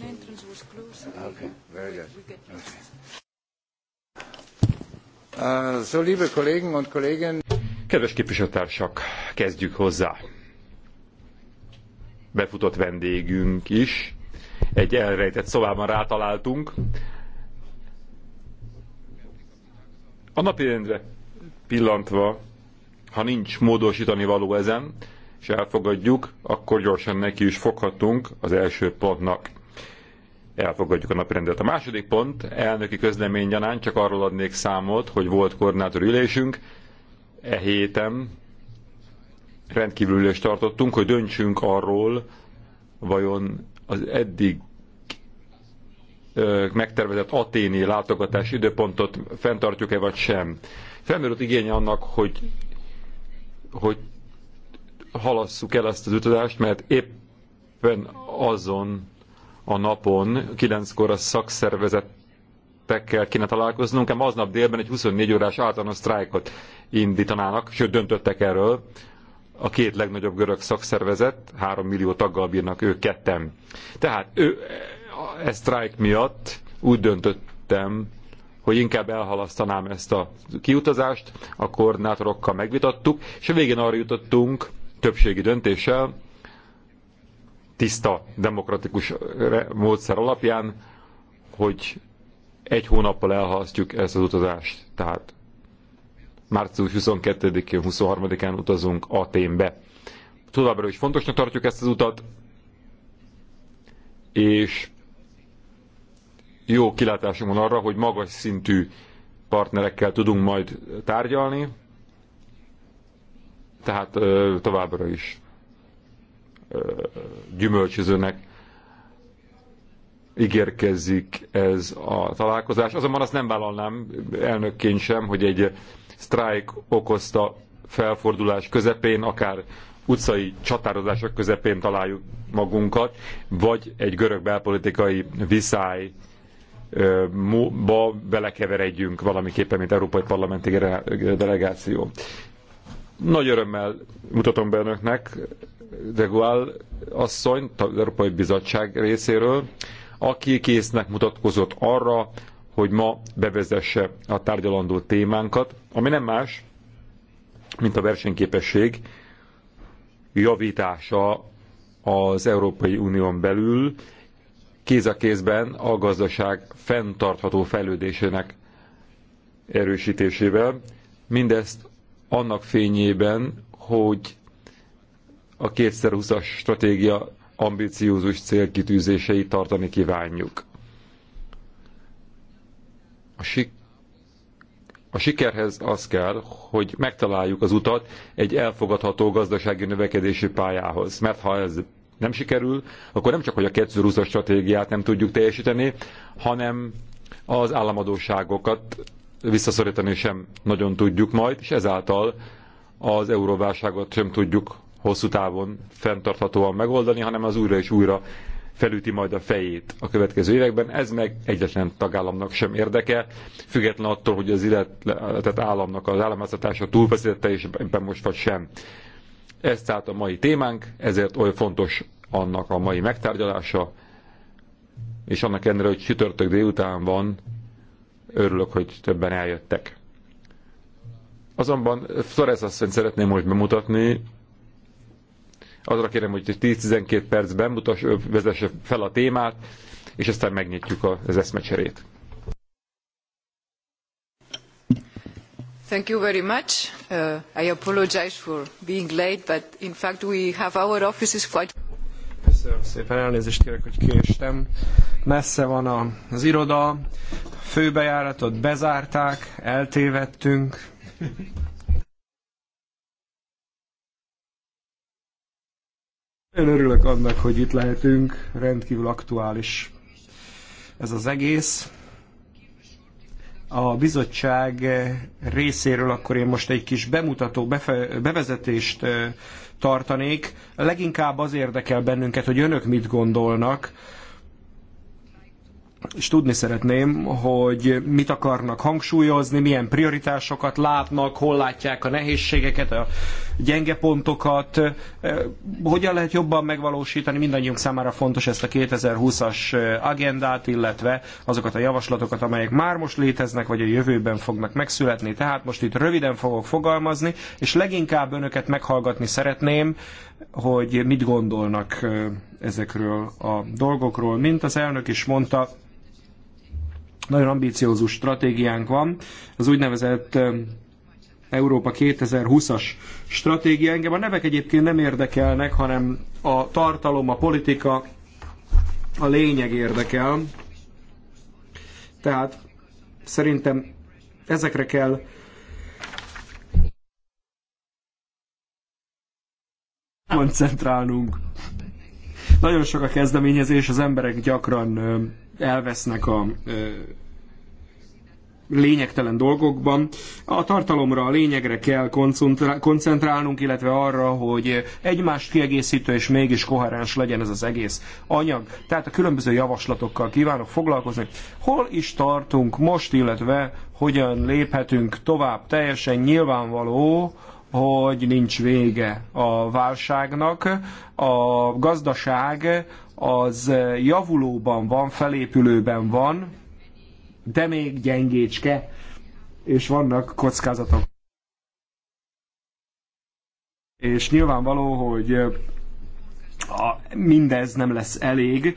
entrance was closed. Okay, very good. Okay. Uh, so, liebe Kollegen und Kolleginnen. Kedves képviselőtársak, kezdjük hozzá. Befutott vendégünk is. Egy elrejtett szobában rátaláltunk. A napirendre pillantva, ha nincs módosítani való ezen, és elfogadjuk, akkor gyorsan neki is foghatunk az első pontnak elfogadjuk a naprendet. A második pont, elnöki közlemény gyanán csak arról adnék számot, hogy volt koordinátor ülésünk, e héten rendkívül ülést tartottunk, hogy döntsünk arról, vajon az eddig megtervezett aténi látogatás időpontot fenntartjuk-e vagy sem. Felmerült igény annak, hogy, hogy halasszuk el ezt az utazást, mert éppen azon a napon, kilenckor a szakszervezetekkel kéne találkoznunk, ám aznap délben egy 24 órás általános sztrájkot indítanának, sőt döntöttek erről. A két legnagyobb görög szakszervezet, három millió taggal bírnak ők ketten. Tehát ő, e, e sztrájk miatt úgy döntöttem, hogy inkább elhalasztanám ezt a kiutazást, a koordinátorokkal megvitattuk, és a végén arra jutottunk többségi döntéssel, tiszta, demokratikus módszer alapján, hogy egy hónappal elhalasztjuk ezt az utazást. Tehát március 22-én, 23-án utazunk Aténbe. Továbbra is fontosnak tartjuk ezt az utat, és jó kilátásunk van arra, hogy magas szintű partnerekkel tudunk majd tárgyalni, tehát továbbra is gyümölcsözőnek ígérkezik ez a találkozás. Azonban azt nem vállalnám elnökként sem, hogy egy sztrájk okozta felfordulás közepén, akár utcai csatározások közepén találjuk magunkat, vagy egy görög belpolitikai viszály ba belekeveredjünk valamiképpen, mint Európai Parlamenti Delegáció. Nagy örömmel mutatom be önöknek de Gaulle asszony, az Európai Bizottság részéről, aki késznek mutatkozott arra, hogy ma bevezesse a tárgyalandó témánkat, ami nem más, mint a versenyképesség javítása az Európai Unión belül, kéz a kézben a gazdaság fenntartható fejlődésének erősítésével. Mindezt annak fényében, hogy a 2020-as stratégia ambiciózus célkitűzéseit tartani kívánjuk. A, si a sikerhez az kell, hogy megtaláljuk az utat egy elfogadható gazdasági növekedési pályához, mert ha ez nem sikerül, akkor nem csak, hogy a 2020-as stratégiát nem tudjuk teljesíteni, hanem az államadóságokat visszaszorítani sem nagyon tudjuk majd, és ezáltal az euróválságot sem tudjuk hosszú távon fenntarthatóan megoldani, hanem az újra és újra felüti majd a fejét a következő években. Ez meg egyetlen tagállamnak sem érdeke, független attól, hogy az illetett államnak az államáztatása túlfeszítette, és ebben most vagy sem. Ez tehát a mai témánk, ezért oly fontos annak a mai megtárgyalása, és annak ellenére, hogy csütörtök délután van, örülök, hogy többen eljöttek. Azonban Flores azt szeretném most bemutatni, Azra kérem, hogy 10-12 percben mutass, vezesse fel a témát, és aztán megnyitjuk az eszmecserét. Thank you very much. Uh, I apologize for being late, but in fact we have our offices quite... Köszönöm szépen, elnézést kérek, hogy késtem. Messze van az iroda, főbejáratot bezárták, eltévedtünk. Én örülök annak, hogy itt lehetünk, rendkívül aktuális ez az egész. A bizottság részéről akkor én most egy kis bemutató, befe, bevezetést tartanék. Leginkább az érdekel bennünket, hogy önök mit gondolnak, és tudni szeretném, hogy mit akarnak hangsúlyozni, milyen prioritásokat látnak, hol látják a nehézségeket, a gyenge pontokat, hogyan lehet jobban megvalósítani, mindannyiunk számára fontos ezt a 2020-as agendát, illetve azokat a javaslatokat, amelyek már most léteznek, vagy a jövőben fognak megszületni. Tehát most itt röviden fogok fogalmazni, és leginkább önöket meghallgatni szeretném, hogy mit gondolnak ezekről a dolgokról. Mint az elnök is mondta, nagyon ambiciózus stratégiánk van, az úgynevezett Európa 2020-as stratégia. Engem a nevek egyébként nem érdekelnek, hanem a tartalom, a politika, a lényeg érdekel. Tehát szerintem ezekre kell koncentrálnunk. Nagyon sok a kezdeményezés, az emberek gyakran elvesznek a lényegtelen dolgokban. A tartalomra, a lényegre kell koncentrálnunk, illetve arra, hogy egymást kiegészítő és mégis koherens legyen ez az egész anyag. Tehát a különböző javaslatokkal kívánok foglalkozni. Hol is tartunk most, illetve hogyan léphetünk tovább? Teljesen nyilvánvaló, hogy nincs vége a válságnak. A gazdaság az javulóban van, felépülőben van, de még gyengécske, és vannak kockázatok. És nyilvánvaló, hogy a, mindez nem lesz elég,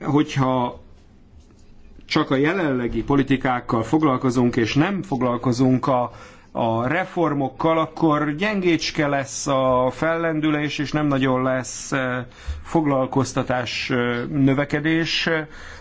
hogyha csak a jelenlegi politikákkal foglalkozunk, és nem foglalkozunk a, a reformokkal, akkor gyengécske lesz a fellendülés, és nem nagyon lesz foglalkoztatás növekedés.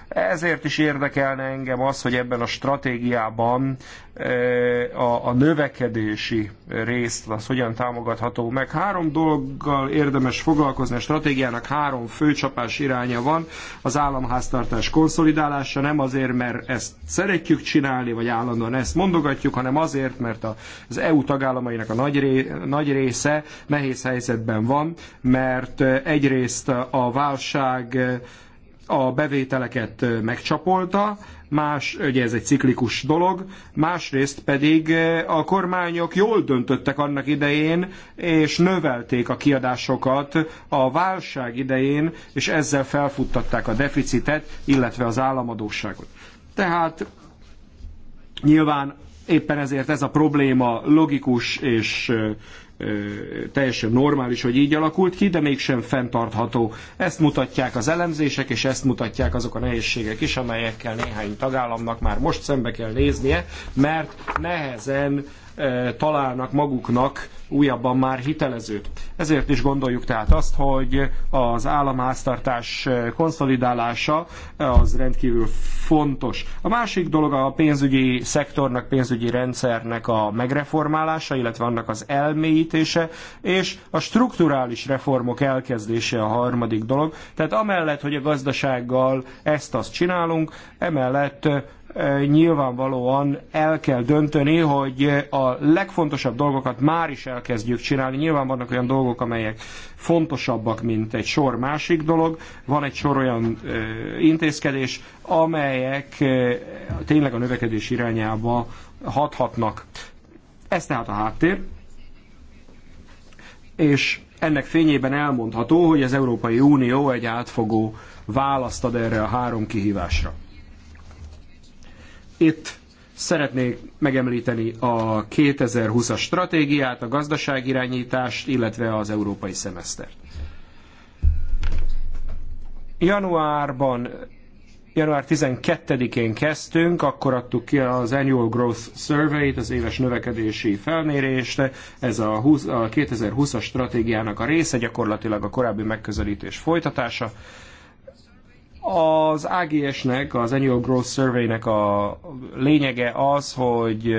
Ezért is érdekelne engem az, hogy ebben a stratégiában eh, a, a növekedési részt az hogyan támogatható meg. Három dologgal érdemes foglalkozni, a stratégiának három fő csapás iránya van. Az államháztartás konszolidálása nem azért, mert ezt szeretjük csinálni, vagy állandóan ezt mondogatjuk, hanem azért, mert az EU tagállamainak a nagy, ré, nagy része nehéz helyzetben van, mert eh, egyrészt a válság eh, a bevételeket megcsapolta, más, ugye ez egy ciklikus dolog, másrészt pedig a kormányok jól döntöttek annak idején, és növelték a kiadásokat a válság idején, és ezzel felfuttatták a deficitet, illetve az államadóságot. Tehát nyilván éppen ezért ez a probléma logikus és teljesen normális, hogy így alakult ki, de mégsem fenntartható. Ezt mutatják az elemzések, és ezt mutatják azok a nehézségek is, amelyekkel néhány tagállamnak már most szembe kell néznie, mert nehezen találnak maguknak újabban már hitelező. Ezért is gondoljuk tehát azt, hogy az államháztartás konszolidálása az rendkívül fontos. A másik dolog a pénzügyi szektornak, pénzügyi rendszernek a megreformálása, illetve annak az elmélyítése, és a strukturális reformok elkezdése a harmadik dolog. Tehát amellett, hogy a gazdasággal ezt-azt csinálunk, emellett nyilvánvalóan el kell dönteni, hogy a legfontosabb dolgokat már is elkezdjük csinálni. Nyilván vannak olyan dolgok, amelyek fontosabbak, mint egy sor másik dolog. Van egy sor olyan intézkedés, amelyek tényleg a növekedés irányába hathatnak. Ez tehát a háttér. És ennek fényében elmondható, hogy az Európai Unió egy átfogó választ ad erre a három kihívásra. Itt szeretnék megemlíteni a 2020-as stratégiát, a gazdaságirányítást, illetve az európai szemesztert. Januárban január 12-én kezdtünk, akkor adtuk ki az Annual Growth Survey-t, az éves növekedési felmérést. Ez a, 20, a 2020-as stratégiának a része, gyakorlatilag a korábbi megközelítés folytatása. Az AGS-nek, az Annual Growth Survey-nek a lényege az, hogy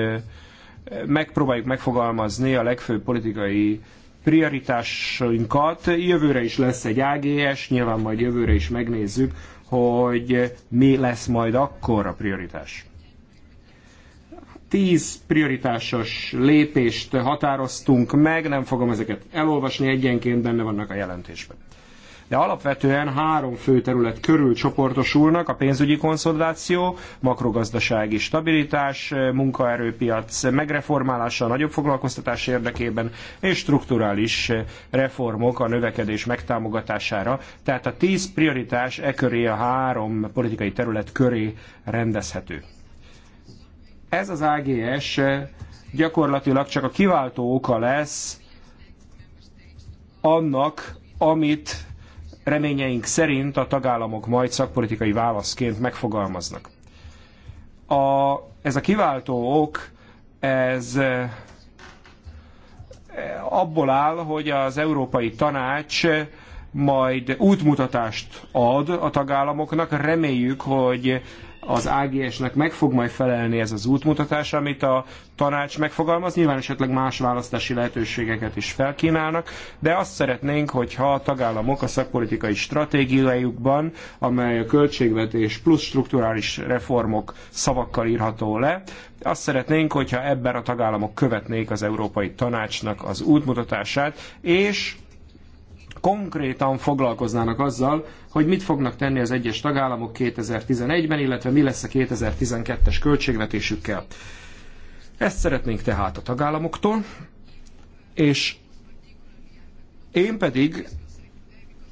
megpróbáljuk megfogalmazni a legfőbb politikai prioritásainkat. Jövőre is lesz egy AGS, nyilván majd jövőre is megnézzük, hogy mi lesz majd akkor a prioritás. Tíz prioritásos lépést határoztunk meg, nem fogom ezeket elolvasni, egyenként benne vannak a jelentésben. De alapvetően három fő terület körül csoportosulnak a pénzügyi konszolidáció, makrogazdasági stabilitás, munkaerőpiac megreformálása a nagyobb foglalkoztatás érdekében, és strukturális reformok a növekedés megtámogatására. Tehát a tíz prioritás e köré a három politikai terület köré rendezhető. Ez az AGS gyakorlatilag csak a kiváltó oka lesz annak, amit reményeink szerint a tagállamok majd szakpolitikai válaszként megfogalmaznak. A, ez a kiváltó ok, ez eh, abból áll, hogy az Európai Tanács majd útmutatást ad a tagállamoknak. Reméljük, hogy az AGS-nek meg fog majd felelni ez az útmutatás, amit a tanács megfogalmaz. Nyilván esetleg más választási lehetőségeket is felkínálnak, de azt szeretnénk, hogyha a tagállamok a szakpolitikai stratégiájukban, amely a költségvetés plusz strukturális reformok szavakkal írható le, azt szeretnénk, hogyha ebben a tagállamok követnék az Európai Tanácsnak az útmutatását, és konkrétan foglalkoznának azzal, hogy mit fognak tenni az egyes tagállamok 2011-ben, illetve mi lesz a 2012-es költségvetésükkel. Ezt szeretnénk tehát a tagállamoktól, és én pedig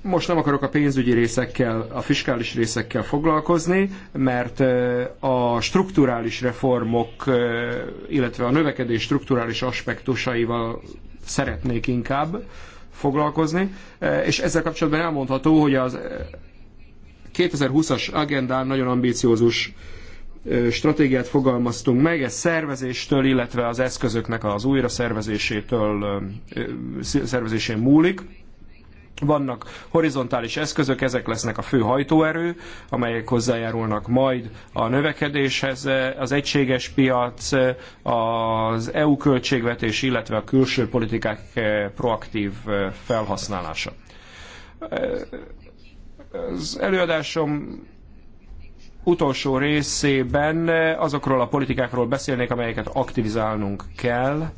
most nem akarok a pénzügyi részekkel, a fiskális részekkel foglalkozni, mert a strukturális reformok, illetve a növekedés strukturális aspektusaival szeretnék inkább foglalkozni, e, és ezzel kapcsolatban elmondható, hogy az 2020-as e, agendán nagyon ambíciózus e, stratégiát fogalmaztunk meg, ez szervezéstől, illetve az eszközöknek az újra szervezésétől, szervezésén múlik. Vannak horizontális eszközök, ezek lesznek a fő hajtóerő, amelyek hozzájárulnak majd a növekedéshez, az egységes piac, az EU költségvetés, illetve a külső politikák eh, proaktív eh, felhasználása. Eh, az előadásom utolsó részében azokról a politikákról beszélnék, amelyeket aktivizálnunk kell,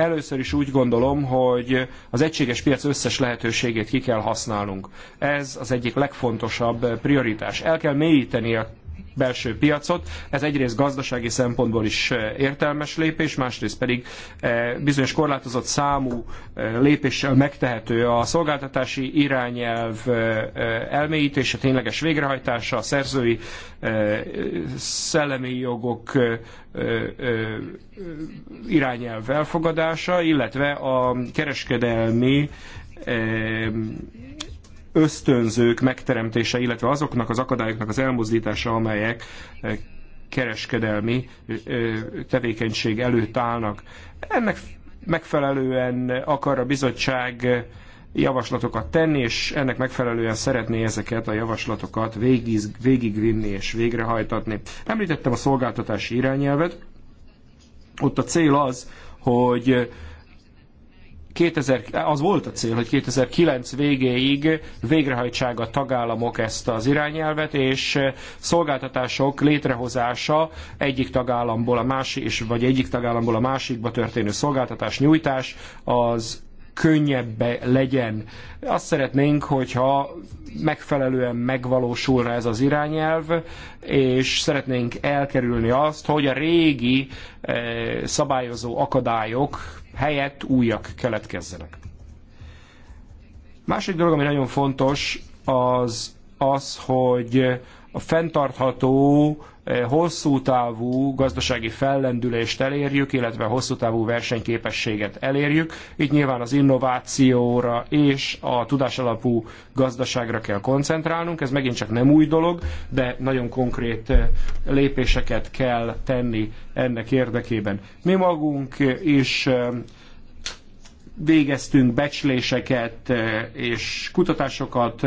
Először is úgy gondolom, hogy az egységes piac összes lehetőségét ki kell használnunk. Ez az egyik legfontosabb prioritás. El kell mélyíteni a belső piacot. Ez egyrészt gazdasági szempontból is eh, értelmes lépés, másrészt pedig eh, bizonyos korlátozott számú eh, lépéssel megtehető a szolgáltatási irányelv elmélyítése, tényleges végrehajtása, a szerzői szellemi jogok irányelv elfogadása, illetve a kereskedelmi ösztönzők megteremtése, illetve azoknak az akadályoknak az elmozdítása, amelyek e, kereskedelmi e, e, tevékenység előtt állnak. Ennek megfelelően akar a bizottság javaslatokat tenni, és ennek megfelelően szeretné ezeket a javaslatokat végig, végigvinni és végrehajtatni. Említettem a szolgáltatási irányelvet. Ott a cél az, hogy 2000, az volt a cél, hogy 2009 végéig végrehajtsák a tagállamok ezt az irányelvet, és eh, szolgáltatások létrehozása egyik tagállamból a másik, és vagy egyik tagállamból a másikba történő szolgáltatás nyújtás az könnyebb legyen. Azt szeretnénk, hogyha megfelelően megvalósulna ez az irányelv, és szeretnénk elkerülni azt, hogy a régi eh, szabályozó akadályok helyett újak keletkezzenek. Másik dolog, ami nagyon fontos, az az, hogy a fenntartható Eh, hosszú távú gazdasági fellendülést elérjük, illetve hosszú távú versenyképességet elérjük. Itt nyilván az innovációra és a tudásalapú gazdaságra kell koncentrálnunk. Ez megint csak nem új dolog, de nagyon konkrét eh, lépéseket kell tenni ennek érdekében. Mi magunk is eh, végeztünk becsléseket és kutatásokat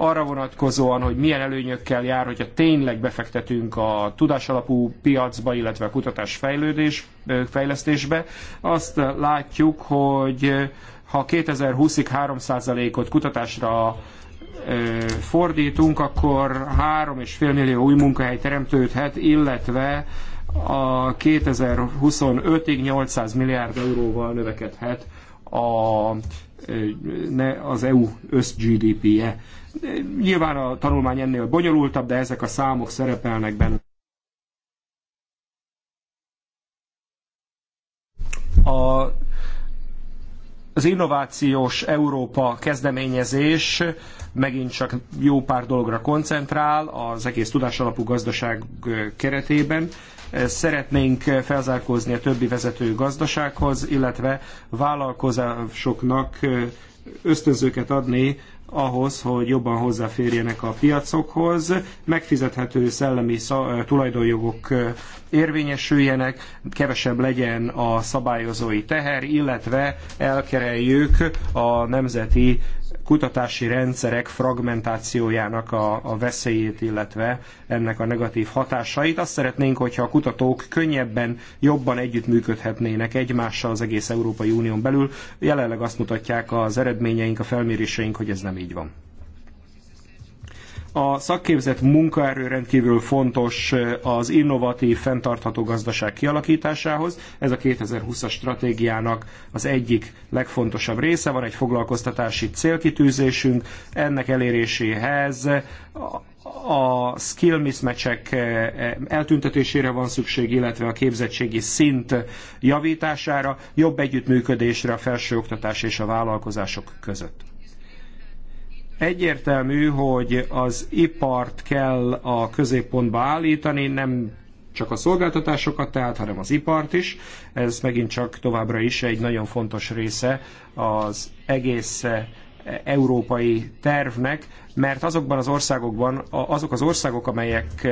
arra vonatkozóan, hogy milyen előnyökkel jár, hogyha tényleg befektetünk a tudásalapú piacba, illetve a kutatás fejlődés, fejlesztésbe. Azt látjuk, hogy ha 2020-ig 3%-ot kutatásra fordítunk, akkor 3,5 millió új munkahely teremtődhet, illetve a 2025-ig 800 milliárd euróval növekedhet a ne az EU össz-GDP-je. Nyilván a tanulmány ennél bonyolultabb, de ezek a számok szerepelnek benne. A, az innovációs Európa kezdeményezés megint csak jó pár dologra koncentrál az egész tudásalapú gazdaság keretében. Szeretnénk felzárkózni a többi vezető gazdasághoz, illetve vállalkozásoknak ösztönzőket adni ahhoz, hogy jobban hozzáférjenek a piacokhoz, megfizethető szellemi tulajdonjogok érvényesüljenek, kevesebb legyen a szabályozói teher, illetve elkereljük a nemzeti kutatási rendszerek fragmentációjának a, a veszélyét, illetve ennek a negatív hatásait. Azt szeretnénk, hogyha a kutatók könnyebben, jobban együttműködhetnének egymással az egész Európai Unión belül. Jelenleg azt mutatják az eredményeink, a felméréseink, hogy ez nem így van. A szakképzett munkaerő rendkívül fontos eh, az innovatív, fenntartható gazdaság kialakításához. Ez a 2020-as stratégiának az egyik legfontosabb része. Van egy foglalkoztatási célkitűzésünk. Ennek eléréséhez a skill mismatchek eh, eh, eltüntetésére van szükség, illetve a képzettségi szint javítására, jobb együttműködésre a felsőoktatás és a vállalkozások között. Egyértelmű, hogy az ipart kell a középpontba állítani, nem csak a szolgáltatásokat tehát, hanem az ipart is. Ez megint csak továbbra is egy nagyon fontos része az egész európai tervnek, mert azokban az országokban, azok az országok, amelyek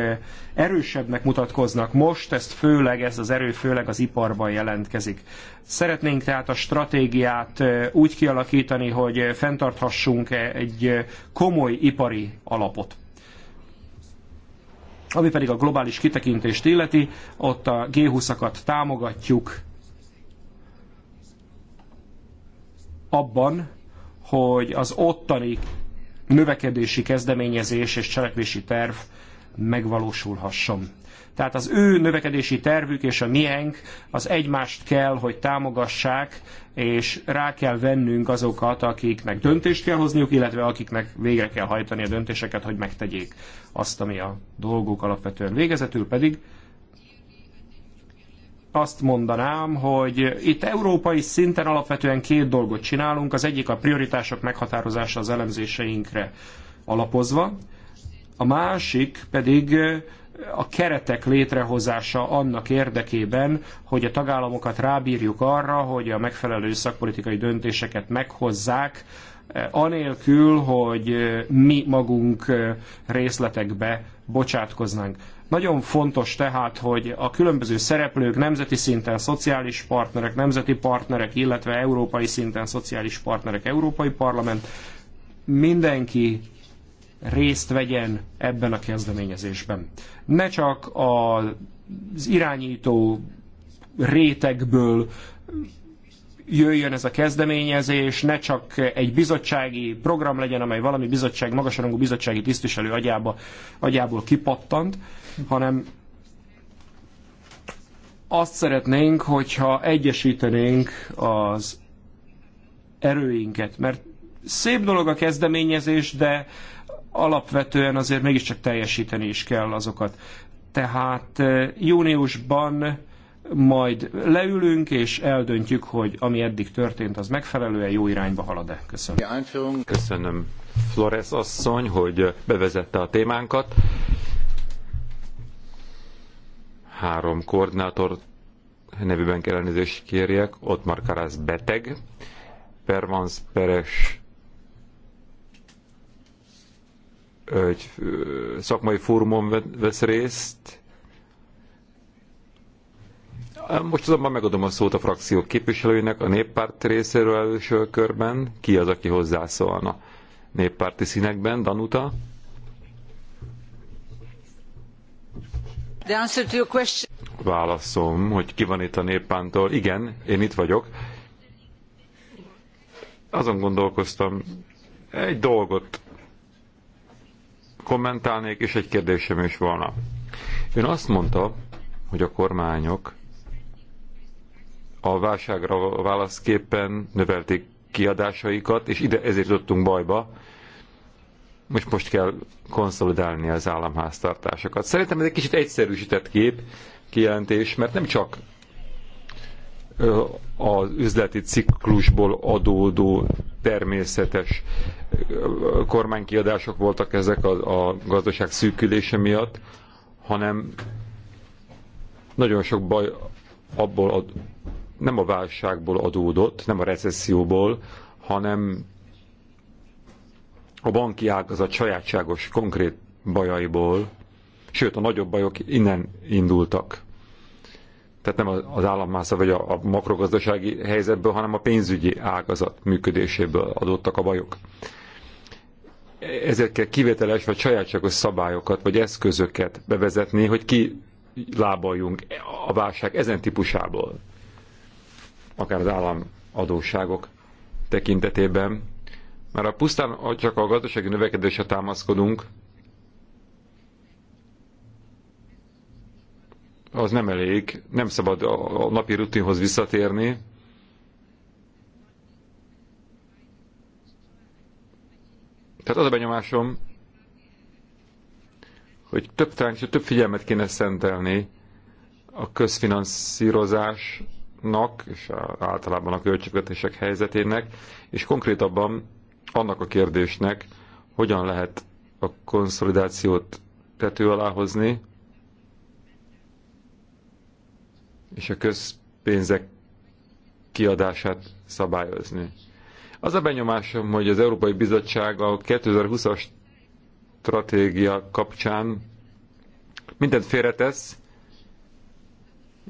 erősebbnek mutatkoznak most, ezt főleg, ez az erő főleg az iparban jelentkezik. Szeretnénk tehát a stratégiát úgy kialakítani, hogy fenntarthassunk egy komoly ipari alapot. Ami pedig a globális kitekintést illeti, ott a G20-akat támogatjuk abban, hogy az ottani növekedési kezdeményezés és cselekvési terv megvalósulhasson. Tehát az ő növekedési tervük és a miénk az egymást kell, hogy támogassák, és rá kell vennünk azokat, akiknek döntést kell hozniuk, illetve akiknek végre kell hajtani a döntéseket, hogy megtegyék azt, ami a dolguk alapvetően végezetül pedig azt mondanám, hogy itt európai szinten alapvetően két dolgot csinálunk. Az egyik a prioritások meghatározása az elemzéseinkre alapozva, a másik pedig a keretek létrehozása annak érdekében, hogy a tagállamokat rábírjuk arra, hogy a megfelelő szakpolitikai döntéseket meghozzák, anélkül, hogy mi magunk részletekbe bocsátkoznánk. Nagyon fontos tehát, hogy a különböző szereplők nemzeti szinten szociális partnerek, nemzeti partnerek, illetve európai szinten szociális partnerek, európai parlament, mindenki részt vegyen ebben a kezdeményezésben. Ne csak az irányító rétegből jöjjön ez a kezdeményezés, ne csak egy bizottsági program legyen, amely valami bizottság, magasrangú bizottsági tisztviselő agyába, agyából kipattant, hanem azt szeretnénk, hogyha egyesítenénk az erőinket, mert szép dolog a kezdeményezés, de alapvetően azért mégiscsak teljesíteni is kell azokat. Tehát eh, júniusban majd leülünk és eldöntjük, hogy ami eddig történt, az megfelelően jó irányba halad-e. Köszönöm. Köszönöm Flores asszony, hogy bevezette a témánkat. Három koordinátor nevében kell elnézést kérjek. Ott már Karász beteg. Permans Peres egy szakmai fórumon vesz részt, most azonban megadom a szót a frakciók képviselőinek, a néppárt részéről első körben. Ki az, aki hozzászólna? Néppárti színekben, Danuta? The answer to your question. Válaszom, hogy ki van itt a néppántól. Igen, én itt vagyok. Azon gondolkoztam, egy dolgot kommentálnék, és egy kérdésem is volna. Ön azt mondta, hogy a kormányok a válságra válaszképpen növelték kiadásaikat, és ide ezért jutottunk bajba. Most most kell konszolidálni az államháztartásokat. Szerintem ez egy kicsit egyszerűsített kép, kijelentés, mert nem csak az üzleti ciklusból adódó természetes kormánykiadások voltak ezek a, a gazdaság szűkülése miatt, hanem nagyon sok baj abból ad, nem a válságból adódott, nem a recesszióból, hanem a banki ágazat sajátságos, konkrét bajaiból, sőt a nagyobb bajok innen indultak. Tehát nem az állammásza vagy a, a makrogazdasági helyzetből, hanem a pénzügyi ágazat működéséből adottak a bajok. Ezért kell kivételes vagy sajátságos szabályokat vagy eszközöket bevezetni, hogy ki lábaljunk a válság ezen típusából akár az államadóságok tekintetében. Már a pusztán, csak a gazdasági növekedésre támaszkodunk, az nem elég, nem szabad a napi rutinhoz visszatérni. Tehát az a benyomásom, hogy több, talán, több figyelmet kéne szentelni a közfinanszírozás nak és általában a költségvetések helyzetének, és konkrétabban annak a kérdésnek, hogyan lehet a konszolidációt tető alá hozni, és a közpénzek kiadását szabályozni. Az a benyomásom, hogy az Európai Bizottság a 2020-as stratégia kapcsán mindent félretesz,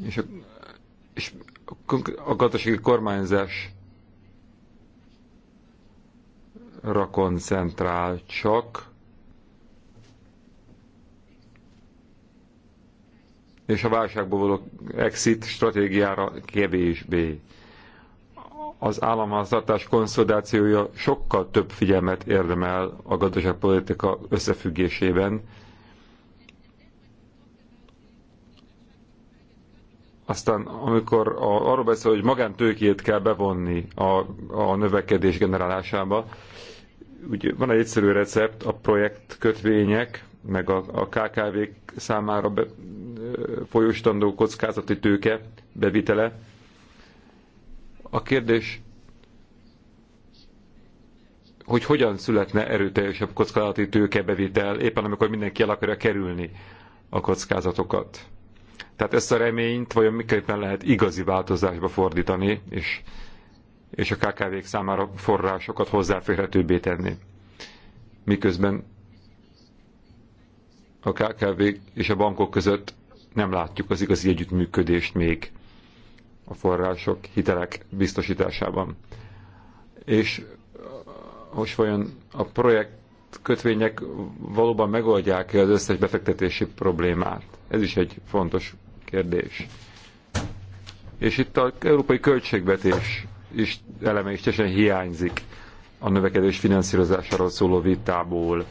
és, és a gazdasági kormányzásra koncentrál csak, és a válságból való exit stratégiára kevésbé. Az államháztartás konszolidációja sokkal több figyelmet érdemel a gazdaságpolitika összefüggésében, Aztán amikor a, arról beszél, hogy magántőkét kell bevonni a, a növekedés generálásába, úgy van egy egyszerű recept, a projekt kötvények, meg a, a kkv számára be, folyóstandó kockázati tőke bevitele. A kérdés, hogy hogyan születne erőteljesebb kockázati tőkebevitel, éppen amikor mindenki el akarja kerülni a kockázatokat. Tehát ezt a reményt vajon miképpen lehet igazi változásba fordítani, és, és a KKV-k számára forrásokat hozzáférhetőbbé tenni. Miközben a KKV és a bankok között nem látjuk az igazi együttműködést még a források, hitelek biztosításában. És most vajon a projekt kötvények valóban megoldják-e az összes befektetési problémát? Ez is egy fontos kérdés. És itt a európai költségvetés is eleme is teljesen hiányzik a növekedés finanszírozásáról szóló vitából.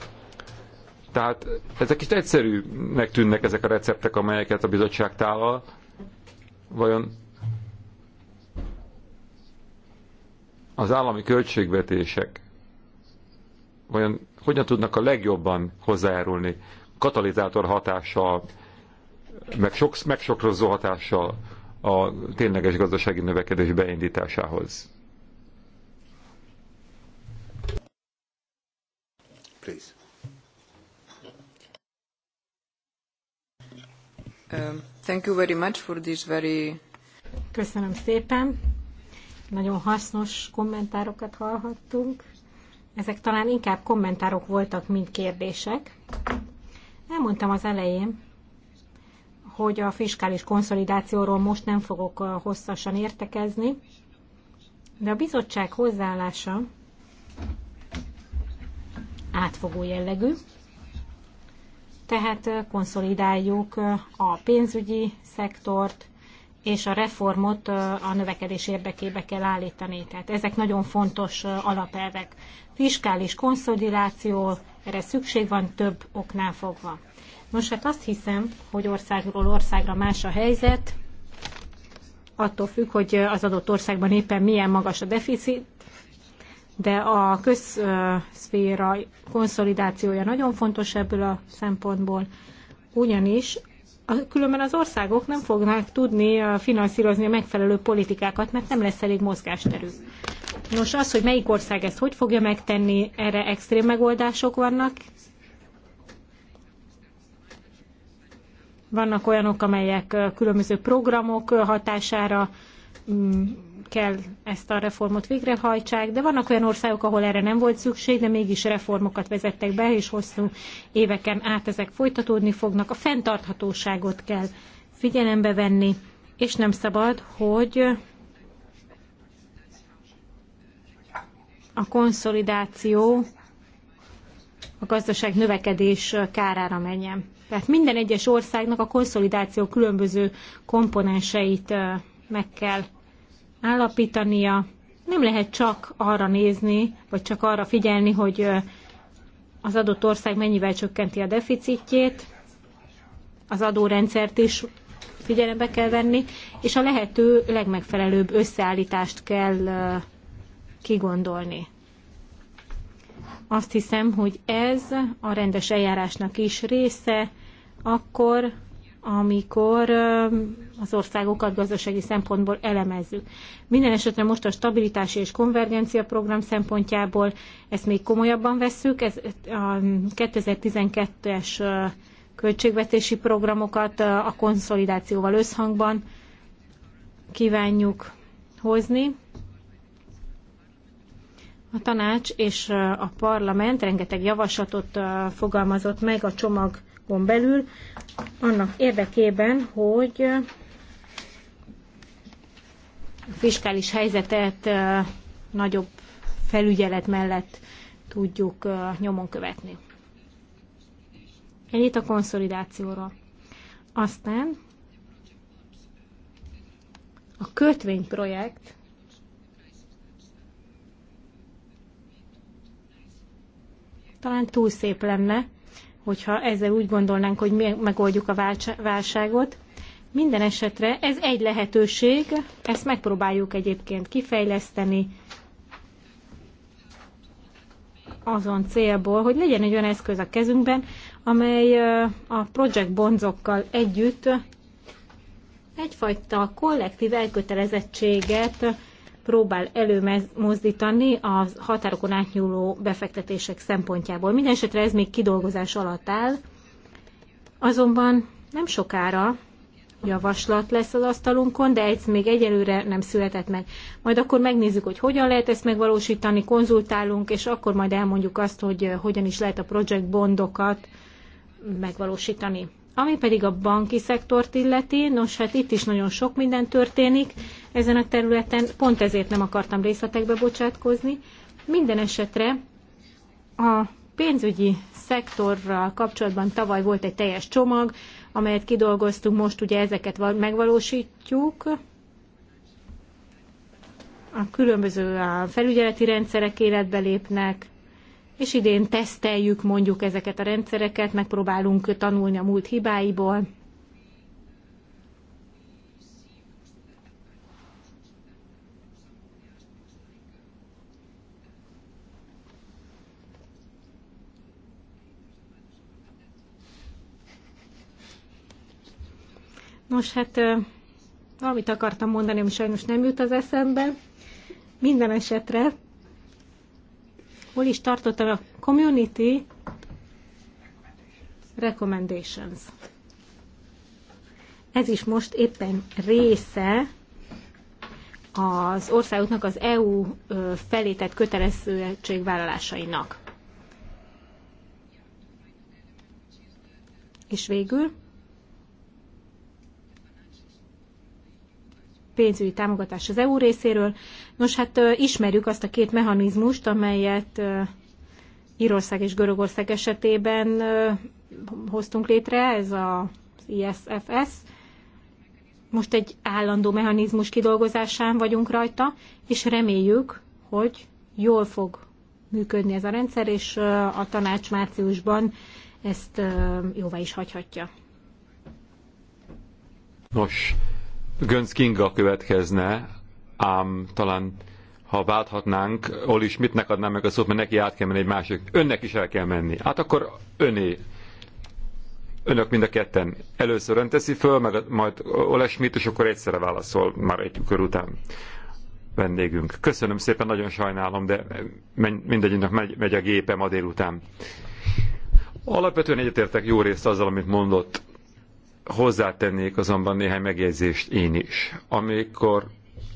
Tehát ezek is egyszerűnek tűnnek ezek a receptek, amelyeket a bizottság tálal. Vajon az állami költségvetések vajon hogyan tudnak a legjobban hozzájárulni katalizátor hatással meg, sok, meg rosszó hatással a tényleges gazdasági növekedés beindításához. Please. Um, thank you very much for this very... Köszönöm szépen. Nagyon hasznos kommentárokat hallhattunk. Ezek talán inkább kommentárok voltak, mint kérdések. Elmondtam az elején, hogy a fiskális konszolidációról most nem fogok uh, hosszasan értekezni, de a bizottság hozzáállása átfogó jellegű, tehát uh, konszolidáljuk uh, a pénzügyi szektort, és a reformot a növekedés érdekébe kell állítani. Tehát ezek nagyon fontos alapelvek. Fiskális konszolidáció, erre szükség van több oknál fogva. Nos, hát azt hiszem, hogy országról országra más a helyzet, attól függ, hogy az adott országban éppen milyen magas a deficit, de a közszféra konszolidációja nagyon fontos ebből a szempontból, ugyanis különben az országok nem fognak tudni finanszírozni a megfelelő politikákat, mert nem lesz elég mozgásterű. Nos, az, hogy melyik ország ezt hogy fogja megtenni, erre extrém megoldások vannak, Vannak olyanok, amelyek különböző programok hatására mm, kell ezt a reformot végrehajtsák, de vannak olyan országok, ahol erre nem volt szükség, de mégis reformokat vezettek be, és hosszú éveken át ezek folytatódni fognak. A fenntarthatóságot kell figyelembe venni, és nem szabad, hogy a konszolidáció a gazdaság növekedés kárára menjen. Tehát minden egyes országnak a konszolidáció különböző komponenseit meg kell állapítania. Nem lehet csak arra nézni, vagy csak arra figyelni, hogy az adott ország mennyivel csökkenti a deficitjét, az adórendszert is figyelembe kell venni, és a lehető legmegfelelőbb összeállítást kell kigondolni azt hiszem, hogy ez a rendes eljárásnak is része, akkor, amikor az országokat gazdasági szempontból elemezzük. Minden esetre most a stabilitási és konvergencia program szempontjából ezt még komolyabban vesszük. Ez a 2012-es költségvetési programokat a konszolidációval összhangban kívánjuk hozni. A tanács és a parlament rengeteg javaslatot fogalmazott meg a csomagon belül, annak érdekében, hogy a fiskális helyzetet nagyobb felügyelet mellett tudjuk nyomon követni. Ennyit a konszolidációról. Aztán a kötvényprojekt talán túl szép lenne, hogyha ezzel úgy gondolnánk, hogy mi megoldjuk a válságot. Minden esetre ez egy lehetőség, ezt megpróbáljuk egyébként kifejleszteni azon célból, hogy legyen egy olyan eszköz a kezünkben, amely a Project Bonzokkal együtt egyfajta kollektív elkötelezettséget próbál előmozdítani a határokon átnyúló befektetések szempontjából. Mindenesetre ez még kidolgozás alatt áll, azonban nem sokára javaslat lesz az asztalunkon, de ez még egyelőre nem született meg. Majd akkor megnézzük, hogy hogyan lehet ezt megvalósítani, konzultálunk, és akkor majd elmondjuk azt, hogy eh, hogyan is lehet a project bondokat megvalósítani. Ami pedig a banki szektort illeti, nos hát itt is nagyon sok minden történik, ezen a területen, pont ezért nem akartam részletekbe bocsátkozni. Minden esetre a pénzügyi szektorral kapcsolatban tavaly volt egy teljes csomag, amelyet kidolgoztunk, most ugye ezeket megvalósítjuk. A különböző felügyeleti rendszerek életbe lépnek, és idén teszteljük mondjuk ezeket a rendszereket, megpróbálunk tanulni a múlt hibáiból. Nos, hát valamit akartam mondani, ami sajnos nem jut az eszembe. Minden esetre, hol is tartottam a community recommendations. Ez is most éppen része az országoknak az EU felé tett kötelezettségvállalásainak. És végül pénzügyi támogatás az EU részéről. Nos, hát ismerjük azt a két mechanizmust, amelyet Írország és Görögország esetében hoztunk létre, ez az ISFS. Most egy állandó mechanizmus kidolgozásán vagyunk rajta, és reméljük, hogy jól fog működni ez a rendszer, és a tanács márciusban ezt jóvá is hagyhatja. Nos, Gönc Kinga következne, ám talán ha válthatnánk, Oli Schmidtnek adnám meg a szót, mert neki át kell menni egy másik. Önnek is el kell menni. Hát akkor öné. Önök mind a ketten. Először ön teszi föl, meg majd Oli Schmidt, és akkor egyszerre válaszol már egy kör után vendégünk. Köszönöm szépen, nagyon sajnálom, de mindegyiknek megy, megy a gépe ma délután. Alapvetően egyetértek jó részt azzal, amit mondott Hozzátennék azonban néhány megjegyzést én is. Amikor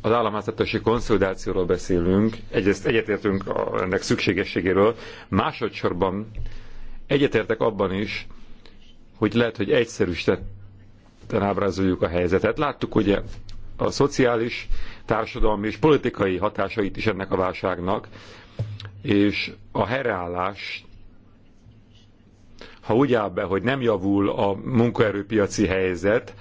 az államháztartási konszolidációról beszélünk, egyrészt egyetértünk a, ennek szükségességéről, másodszorban egyetértek abban is, hogy lehet, hogy egyszerűsítetten ábrázoljuk a helyzetet. Láttuk ugye a szociális, társadalmi és politikai hatásait is ennek a válságnak, és a helyreállás ha úgy áll be, hogy nem javul a munkaerőpiaci helyzet,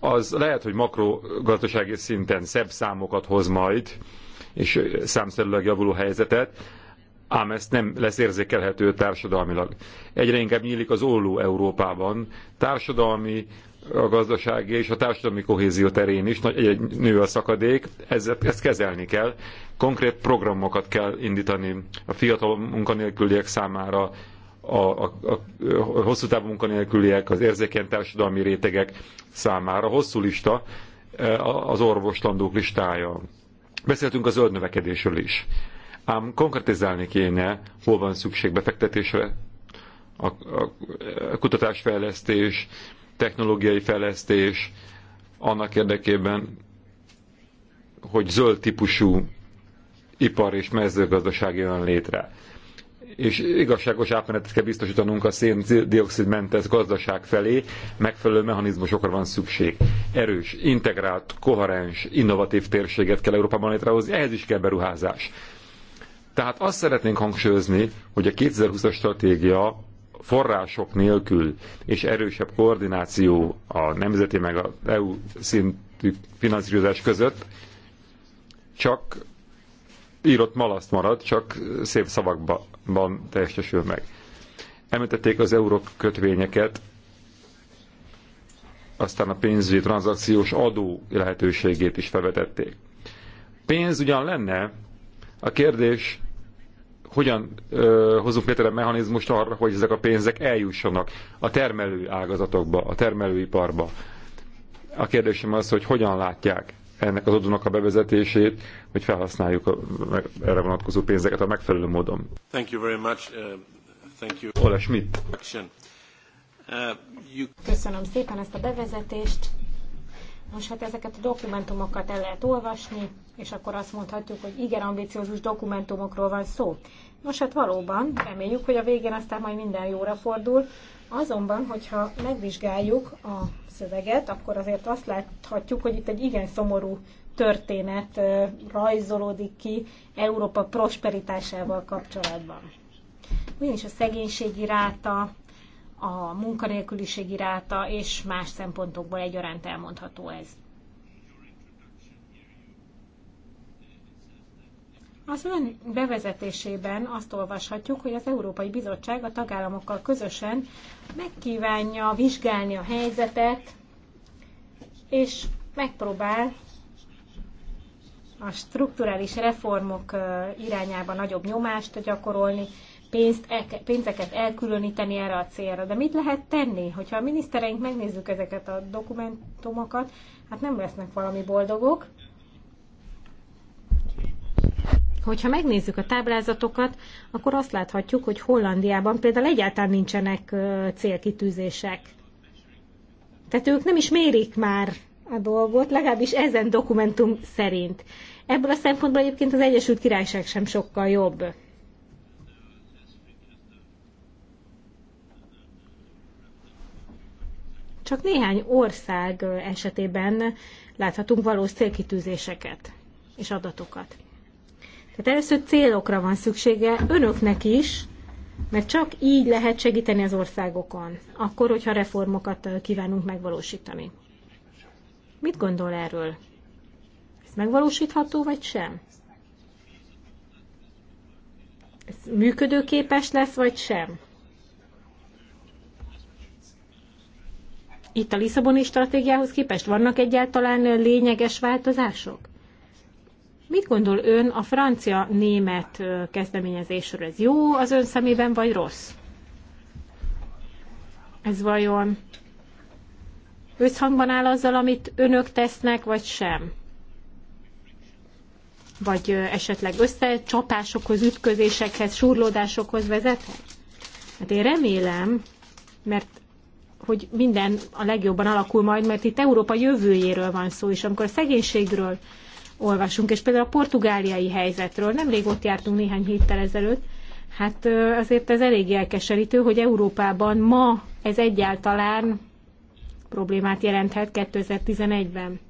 az lehet, hogy makrogazdasági szinten szebb számokat hoz majd, és számszerűleg javuló helyzetet, ám ezt nem lesz érzékelhető társadalmilag. Egyre inkább nyílik az olló Európában, társadalmi, a gazdasági és a társadalmi kohézió terén is nagy, egy nő a szakadék, ezt, ezt kezelni kell. Konkrét programokat kell indítani a fiatal munkanélküliek számára, a, a, a, hosszú távú munkanélküliek, az érzékeny társadalmi rétegek számára. Hosszú lista e, az orvoslandók listája. Beszéltünk a zöld növekedésről is. Ám konkretizálni kéne, hol van szükség befektetésre, a, a, a kutatásfejlesztés, technológiai fejlesztés, annak érdekében, hogy zöld típusú ipar és mezőgazdaság jön létre és igazságos átmenetet kell biztosítanunk a széndiokszidmentes gazdaság felé, megfelelő mechanizmusokra van szükség. Erős, integrált, koherens, innovatív térséget kell Európában létrehozni, ehhez is kell beruházás. Tehát azt szeretnénk hangsúlyozni, hogy a 2020-as stratégia források nélkül és erősebb koordináció a nemzeti meg az EU szintű finanszírozás között csak írott malaszt marad, csak szép szavakban teljesül meg. Említették az eurók kötvényeket, aztán a pénzügyi tranzakciós adó lehetőségét is felvetették. Pénz ugyan lenne, a kérdés, hogyan ö, hozunk létre mechanizmust arra, hogy ezek a pénzek eljussanak a termelő ágazatokba, a termelőiparba. A kérdésem az, hogy hogyan látják ennek az adónak a bevezetését, hogy felhasználjuk a, erre vonatkozó pénzeket a megfelelő módon. Thank you very much. Uh, thank you. Ola Schmidt. Uh, Köszönöm szépen ezt a bevezetést. Most hát ezeket a dokumentumokat el lehet olvasni, és akkor azt mondhatjuk, hogy igen, ambiciózus dokumentumokról van szó. Most hát valóban, reméljük, hogy a végén aztán majd minden jóra fordul, Azonban, hogyha megvizsgáljuk a szöveget, akkor azért azt láthatjuk, hogy itt egy igen szomorú történet rajzolódik ki Európa prosperitásával kapcsolatban. Ugyanis a szegénységi ráta, a munkanélküliségi ráta és más szempontokból egyaránt elmondható ez. Az ön bevezetésében azt olvashatjuk, hogy az Európai Bizottság a tagállamokkal közösen megkívánja vizsgálni a helyzetet, és megpróbál a strukturális reformok irányába nagyobb nyomást gyakorolni, pénzt, el, pénzeket elkülöníteni erre a célra. De mit lehet tenni? Hogyha a minisztereink megnézzük ezeket a dokumentumokat, hát nem lesznek valami boldogok. Hogyha megnézzük a táblázatokat, akkor azt láthatjuk, hogy Hollandiában például egyáltalán nincsenek célkitűzések. Tehát ők nem is mérik már a dolgot, legalábbis ezen dokumentum szerint. Ebből a szempontból egyébként az Egyesült Királyság sem sokkal jobb. Csak néhány ország esetében láthatunk valós célkitűzéseket és adatokat. Tehát először célokra van szüksége önöknek is, mert csak így lehet segíteni az országokon, akkor, hogyha reformokat kívánunk megvalósítani. Mit gondol erről? Ez megvalósítható, vagy sem? Ez működőképes lesz, vagy sem? Itt a Lisszaboni stratégiához képest vannak egyáltalán lényeges változások? Mit gondol ön a francia-német kezdeményezésről? Ez jó az ön szemében, vagy rossz? Ez vajon összhangban áll azzal, amit önök tesznek, vagy sem? Vagy esetleg összecsapásokhoz, ütközésekhez, surlódásokhoz vezethet? Hát én remélem, mert hogy minden a legjobban alakul majd, mert itt Európa jövőjéről van szó, és amikor a szegénységről olvasunk. És például a portugáliai helyzetről, nemrég ott jártunk néhány héttel ezelőtt, hát azért ez elég elkeserítő, hogy Európában ma ez egyáltalán problémát jelenthet 2011-ben.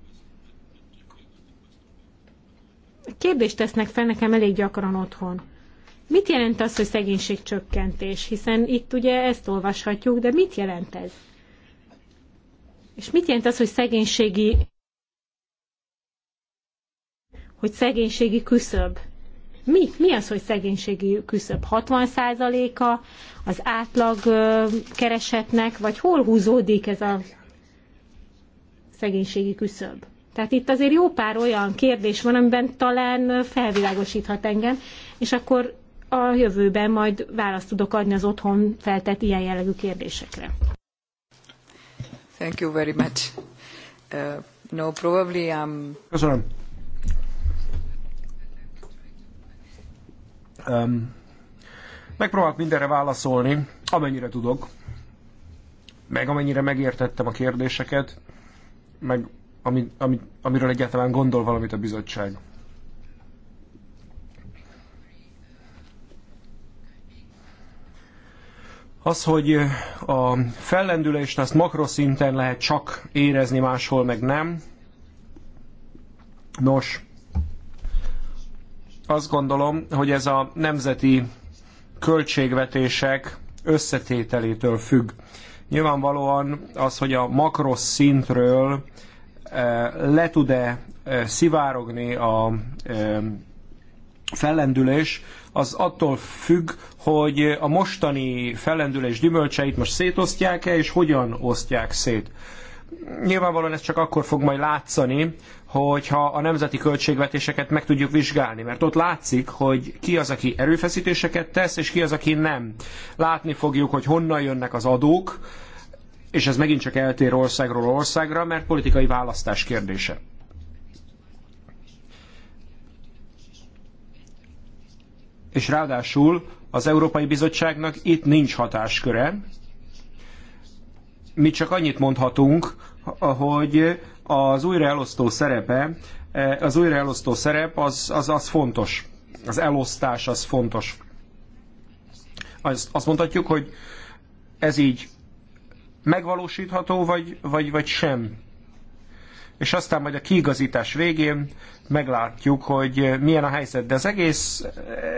Kérdést tesznek fel nekem elég gyakran otthon. Mit jelent az, hogy szegénységcsökkentés? Hiszen itt ugye ezt olvashatjuk, de mit jelent ez? És mit jelent az, hogy szegénységi hogy szegénységi küszöb. Mi? Mi az, hogy szegénységi küszöb? 60%-a az átlag keresetnek, vagy hol húzódik ez a szegénységi küszöb? Tehát itt azért jó pár olyan kérdés van, amiben talán felvilágosíthat engem, és akkor a jövőben majd választ tudok adni az otthon feltett ilyen jellegű kérdésekre. Thank you very much. Uh, no, probably I'm... Um, Köszönöm. Megpróbálok mindenre válaszolni, amennyire tudok, meg amennyire megértettem a kérdéseket, meg ami, ami, amiről egyáltalán gondol valamit a bizottság. Az, hogy a fellendülést azt makroszinten lehet csak érezni, máshol meg nem. Nos, azt gondolom, hogy ez a nemzeti költségvetések összetételétől függ. Nyilvánvalóan az, hogy a makrosz szintről eh, le tud-e eh, szivárogni a eh, fellendülés, az attól függ, hogy a mostani fellendülés gyümölcseit most szétosztják-e, és hogyan osztják szét. Nyilvánvalóan ez csak akkor fog majd látszani, hogyha a nemzeti költségvetéseket meg tudjuk vizsgálni, mert ott látszik, hogy ki az, aki erőfeszítéseket tesz, és ki az, aki nem. Látni fogjuk, hogy honnan jönnek az adók, és ez megint csak eltér országról országra, mert politikai választás kérdése. És ráadásul az Európai Bizottságnak itt nincs hatásköre. Mi csak annyit mondhatunk, hogy az újraelosztó szerepe, eh, az újraelosztó szerep az, az, az fontos. Az elosztás az fontos. Azt, azt mondhatjuk, hogy ez így megvalósítható, vagy, vagy, vagy sem. És aztán majd a kiigazítás végén meglátjuk, hogy milyen a helyzet. De az egész,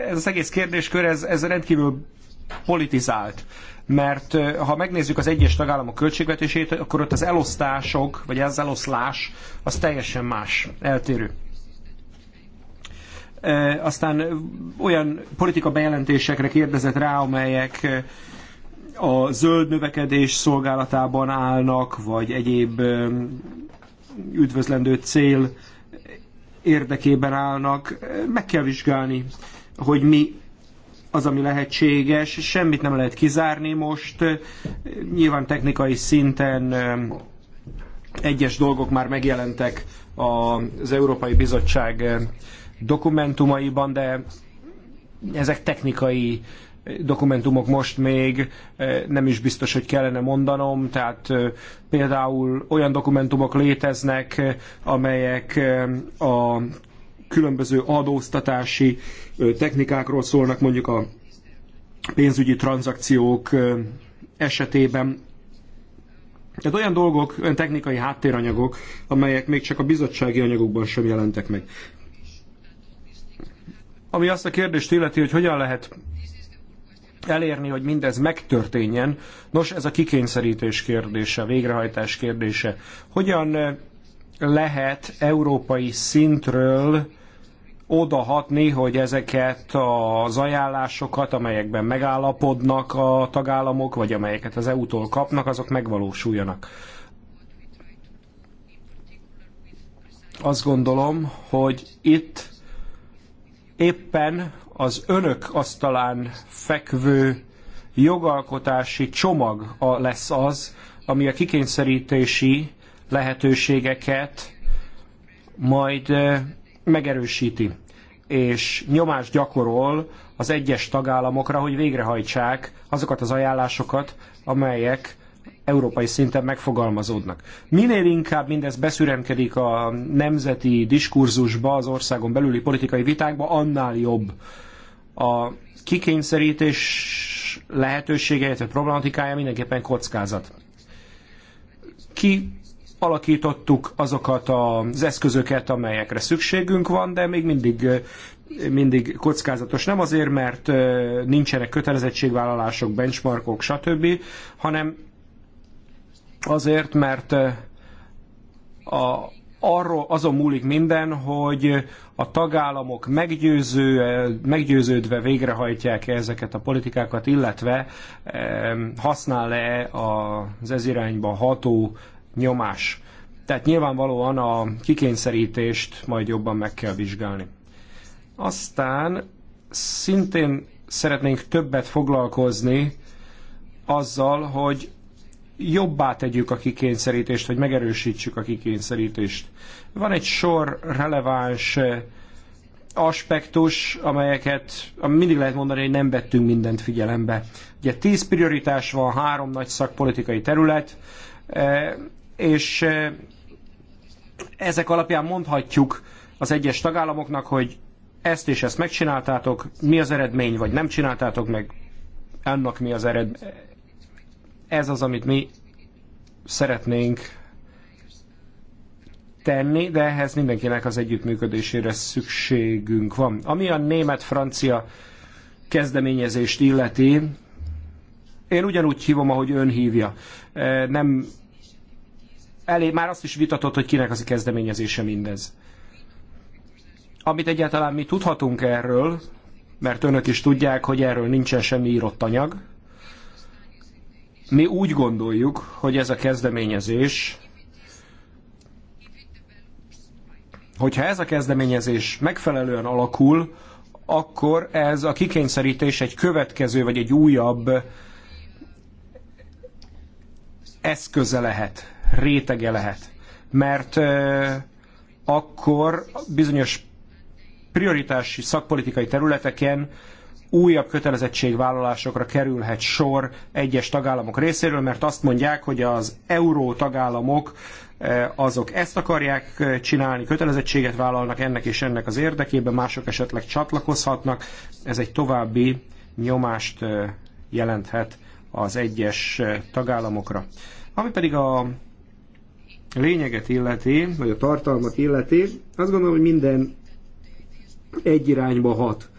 ez az egész kérdéskör, ez, ez rendkívül politizált mert ha megnézzük az egyes tagállamok költségvetését, akkor ott az elosztások, vagy az eloszlás, az teljesen más, eltérő aztán olyan politika bejelentésekre kérdezett rá, amelyek a zöld növekedés szolgálatában állnak, vagy egyéb üdvözlendő cél érdekében állnak. Meg kell vizsgálni, hogy mi az, ami lehetséges, semmit nem lehet kizárni most. Nyilván technikai szinten um, egyes dolgok már megjelentek az Európai Bizottság um, dokumentumaiban, de ezek technikai um, dokumentumok most még nem is biztos, hogy kellene mondanom, tehát például olyan dokumentumok léteznek, amelyek a különböző adóztatási technikákról szólnak, mondjuk a pénzügyi tranzakciók esetében. Tehát olyan dolgok, olyan technikai háttéranyagok, amelyek még csak a bizottsági anyagokban sem jelentek meg. Ami azt a kérdést illeti, hogy hogyan lehet elérni, hogy mindez megtörténjen. Nos, ez a kikényszerítés kérdése, a végrehajtás kérdése. Hogyan lehet európai szintről odahatni, hogy ezeket az ajánlásokat, amelyekben megállapodnak a tagállamok, vagy amelyeket az EU-tól kapnak, azok megvalósuljanak. Azt gondolom, hogy itt éppen az önök asztalán fekvő jogalkotási csomag lesz az, ami a kikényszerítési lehetőségeket majd megerősíti, és nyomást gyakorol az egyes tagállamokra, hogy végrehajtsák azokat az ajánlásokat, amelyek európai szinten megfogalmazódnak. Minél inkább mindez beszüremkedik a nemzeti diskurzusba, az országon belüli politikai vitákba, annál jobb. A kikényszerítés lehetősége, illetve problematikája mindenképpen kockázat. Ki alakítottuk azokat az eszközöket, amelyekre szükségünk van, de még mindig mindig kockázatos. Nem azért, mert nincsenek kötelezettségvállalások, benchmarkok, stb., hanem azért, mert a, arról azon múlik minden, hogy a tagállamok meggyőző, meggyőződve végrehajtják -e ezeket a politikákat, illetve használ-e az ez irányba ható nyomás. Tehát nyilvánvalóan a kikényszerítést majd jobban meg kell vizsgálni. Aztán szintén szeretnénk többet foglalkozni azzal, hogy jobbá tegyük a kikényszerítést, vagy megerősítsük a kikényszerítést. Van egy sor releváns eh, aspektus, amelyeket mindig lehet mondani, hogy nem vettünk mindent figyelembe. Ugye tíz prioritás van, három nagy szakpolitikai terület, eh, és ezek alapján mondhatjuk az egyes tagállamoknak, hogy ezt és ezt megcsináltátok, mi az eredmény, vagy nem csináltátok meg, annak mi az eredmény. Ez az, amit mi szeretnénk tenni, de ehhez mindenkinek az együttműködésére szükségünk van. Ami a német-francia kezdeményezést illeti, én ugyanúgy hívom, ahogy ön hívja. Nem elé már azt is vitatott, hogy kinek az kezdeményezése mindez. Amit egyáltalán mi tudhatunk erről, mert önök is tudják, hogy erről nincsen semmi írott anyag, mi úgy gondoljuk, hogy ez a kezdeményezés, hogyha ez a kezdeményezés megfelelően alakul, akkor ez a kikényszerítés egy következő vagy egy újabb eszköze lehet rétege lehet. Mert akkor bizonyos prioritási szakpolitikai területeken újabb kötelezettségvállalásokra kerülhet sor egyes tagállamok részéről, mert azt mondják, hogy az euró tagállamok azok ezt akarják csinálni, kötelezettséget vállalnak ennek és ennek az érdekében, mások esetleg csatlakozhatnak. Ez egy további nyomást jelenthet az egyes tagállamokra. Ami pedig a lényeget illeti, vagy a tartalmat illeti, azt gondolom, hogy minden egy irányba hat.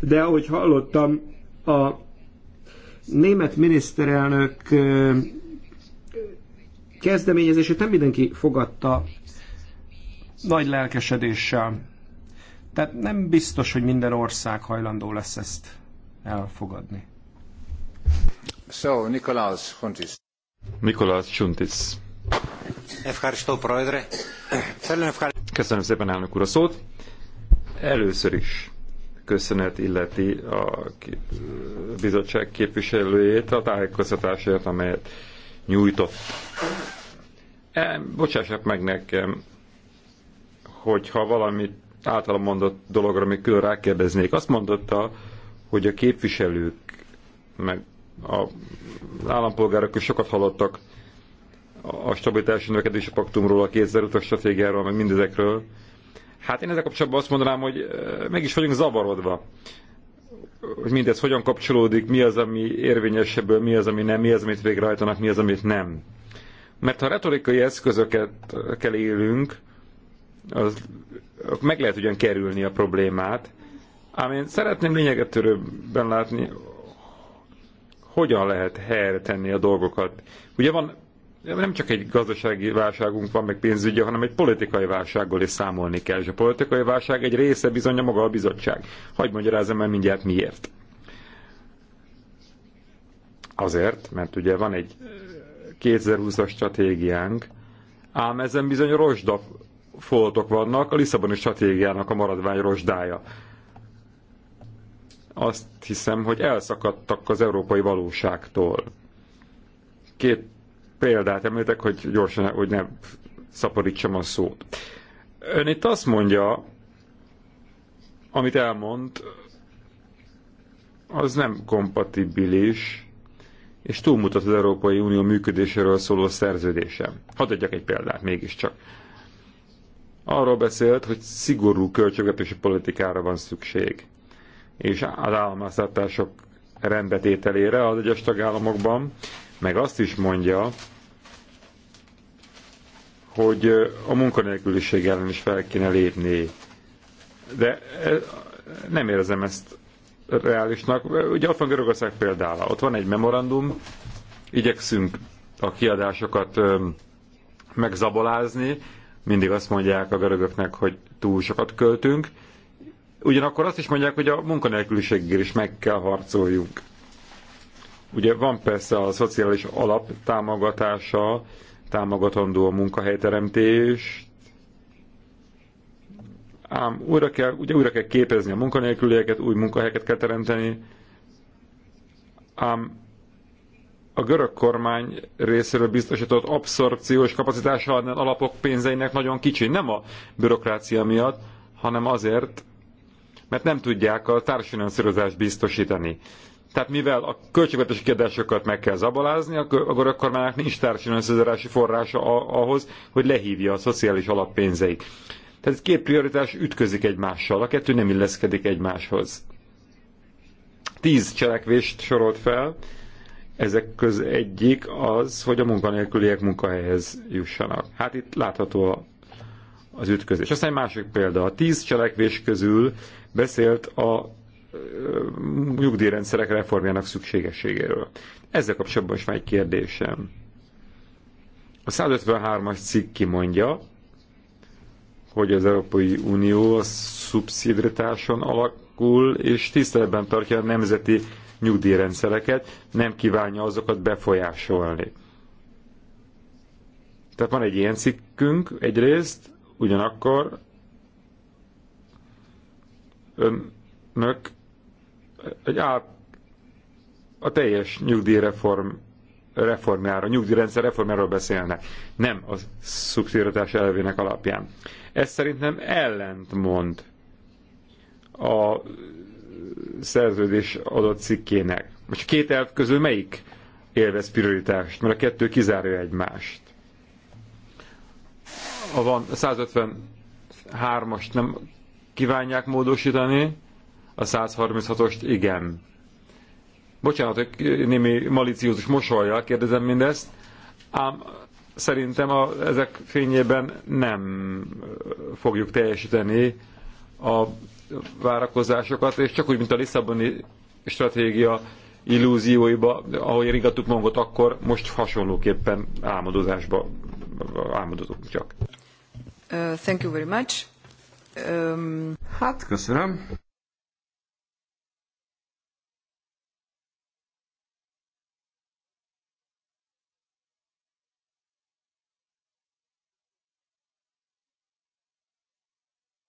De ahogy hallottam, a német miniszterelnök kezdeményezését nem mindenki fogadta nagy lelkesedéssel. Tehát nem biztos, hogy minden ország hajlandó lesz ezt elfogadni. So, Nikolaus Huntis. Nikolaus Huntis. Köszönöm szépen, elnök úr, a szót. Először is köszönet illeti a bizottság képviselőjét a tájékoztatásért, amelyet nyújtott. E, bocsássák meg nekem, hogyha valami általam mondott dologra még külön rákérdeznék. Azt mondotta, hogy a képviselők, meg a állampolgárok is sokat hallottak a stabilitási növekedési paktumról, a 2000 utas stratégiáról, meg mindezekről. Hát én ezzel kapcsolatban azt mondanám, hogy meg is vagyunk zavarodva, hogy mindez hogyan kapcsolódik, mi az, ami érvényesebből, mi az, ami nem, mi az, amit végrehajtanak, mi az, amit nem. Mert ha retorikai eszközöket kell élünk, az meg lehet ugyan kerülni a problémát, Ám én szeretném lényeget törőbben látni, hogyan lehet helyre tenni a dolgokat. Ugye van, nem csak egy gazdasági válságunk van, meg pénzügyi, hanem egy politikai válsággal is számolni kell. És a politikai válság egy része bizony a maga a bizottság. Hagy magyarázom már mindjárt miért. Azért, mert ugye van egy 2020-as stratégiánk, ám ezen bizony rozsda foltok vannak, a Lisszaboni stratégiának a maradvány rozsdája azt hiszem, hogy elszakadtak az európai valóságtól. Két példát említek, hogy gyorsan, hogy ne szaporítsam a szót. Ön itt azt mondja, amit elmond, az nem kompatibilis, és túlmutat az Európai Unió működéséről szóló szerződésem. Hadd adjak egy példát mégiscsak. Arról beszélt, hogy szigorú költségvetési politikára van szükség és az államháztartások rendbetételére az egyes tagállamokban, meg azt is mondja, hogy a munkanélküliség ellen is fel kéne lépni. De nem érzem ezt reálisnak. Ugye ott van Görögország példála. Ott van egy memorandum, igyekszünk a kiadásokat megzabolázni, mindig azt mondják a görögöknek, hogy túl sokat költünk, Ugyanakkor azt is mondják, hogy a munkanélküliségért is meg kell harcoljunk. Ugye van persze a szociális alap támogatása, támogatandó a munkahelyteremtés, ám újra kell, ugye újra kell képezni a munkanélkülieket, új munkahelyeket kell teremteni, ám a görög kormány részéről biztosított abszorpciós kapacitása az alapok pénzeinek nagyon kicsi, nem a bürokrácia miatt, hanem azért, mert nem tudják a társfinanszírozást biztosítani. Tehát mivel a költségvetési kérdésokat meg kell zabalázni, akkor a kormánynak nincs társfinanszírozási forrása ahhoz, hogy lehívja a szociális alappénzeit. Tehát két prioritás ütközik egymással, a kettő nem illeszkedik egymáshoz. Tíz cselekvést sorolt fel, ezek köz egyik az, hogy a munkanélküliek munkahelyhez jussanak. Hát itt látható az ütközés. Aztán egy másik példa. A tíz cselekvés közül beszélt a nyugdíjrendszerek reformjának szükségességéről. Ezzel kapcsolatban is van egy kérdésem. A 153-as cikk kimondja, hogy az Európai Unió a szubszidritáson alakul, és tiszteletben tartja a nemzeti nyugdíjrendszereket, nem kívánja azokat befolyásolni. Tehát van egy ilyen cikkünk egyrészt, ugyanakkor önök egy át a teljes nyugdíjreform reformjára, nyugdíjrendszer reformjáról beszélnek, nem a szubszidiaritás elvének alapján. Ez szerintem ellentmond a szerződés adott cikkének. Most két elv közül melyik élvez prioritást, mert a kettő kizárja egymást. A van 153 as nem kívánják módosítani, a 136-ost igen. Bocsánat, hogy némi maliciózus mosolja, kérdezem mindezt, ám szerintem a, ezek fényében nem fogjuk teljesíteni a várakozásokat, és csak úgy, mint a Lisszaboni stratégia illúzióiba, ahogy ringattuk magunkat akkor, most hasonlóképpen álmodozásba álmodozunk csak. Uh, thank you very much. Um... Hát, köszönöm.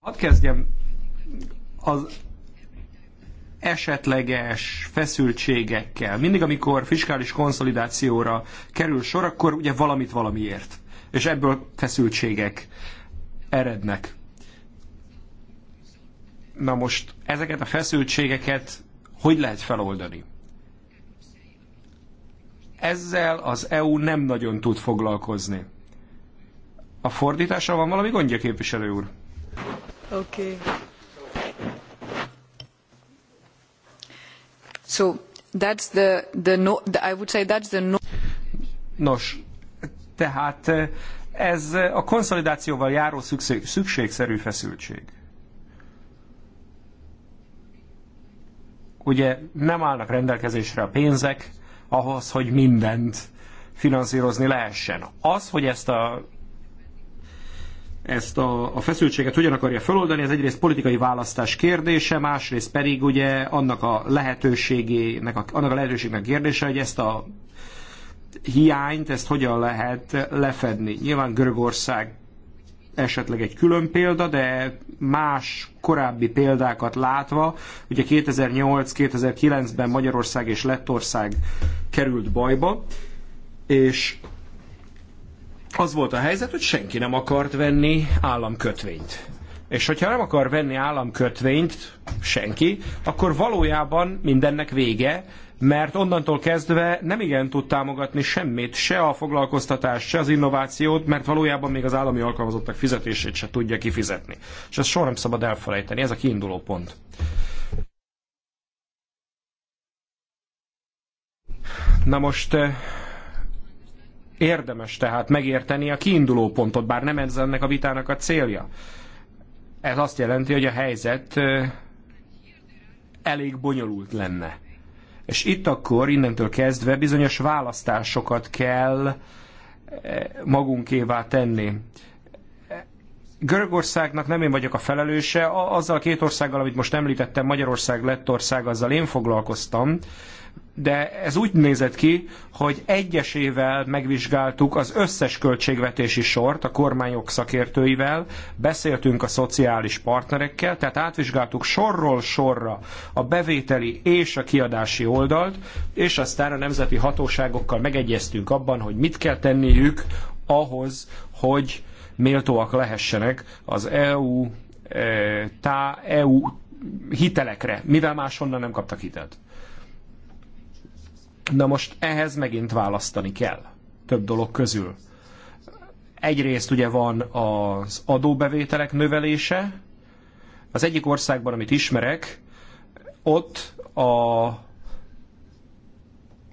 Hadd kezdjem az esetleges feszültségekkel. Mindig, amikor fiskális konszolidációra kerül sor, akkor ugye valamit valamiért. És ebből feszültségek erednek. Na most ezeket a feszültségeket hogy lehet feloldani? Ezzel az EU nem nagyon tud foglalkozni. A fordítással van valami gondja, képviselő úr? Oké. Okay. So, that's the, the no, the, I would say that's the no... Nos, tehát ez a konszolidációval járó szükség, szükségszerű feszültség. ugye nem állnak rendelkezésre a pénzek ahhoz, hogy mindent finanszírozni lehessen. Az, hogy ezt a ezt a, a feszültséget hogyan akarja feloldani, ez egyrészt politikai választás kérdése, másrészt pedig ugye annak a lehetőségének, a, annak a lehetőségnek kérdése, hogy ezt a hiányt, ezt hogyan lehet lefedni. Nyilván Görögország esetleg egy külön példa, de más korábbi példákat látva, ugye 2008-2009-ben Magyarország és Lettország került bajba, és az volt a helyzet, hogy senki nem akart venni államkötvényt. És hogyha nem akar venni államkötvényt senki, akkor valójában mindennek vége, mert onnantól kezdve nem igen tud támogatni semmit, se a foglalkoztatást, se az innovációt, mert valójában még az állami alkalmazottak fizetését se tudja kifizetni. És ezt soha nem szabad elfelejteni, ez a kiinduló pont. Na most eh, érdemes tehát megérteni a kiinduló pontot, bár nem ez ennek a vitának a célja. Ez azt jelenti, hogy a helyzet eh, elég bonyolult lenne. És itt akkor innentől kezdve bizonyos választásokat kell eh, magunkévá tenni. Görögországnak nem én vagyok a felelőse, azzal a két országgal, amit most említettem, Magyarország, Lettország, azzal én foglalkoztam, de ez úgy nézett ki, hogy egyesével megvizsgáltuk az összes költségvetési sort a kormányok szakértőivel, beszéltünk a szociális partnerekkel, tehát átvizsgáltuk sorról sorra a bevételi és a kiadási oldalt, és aztán a nemzeti hatóságokkal megegyeztünk abban, hogy mit kell tenniük ahhoz, hogy méltóak lehessenek az EU, eh, tá, EU hitelekre, mivel máshonnan nem kaptak hitelt. Na most ehhez megint választani kell több dolog közül. Egyrészt ugye van az adóbevételek növelése. Az egyik országban, amit ismerek, ott a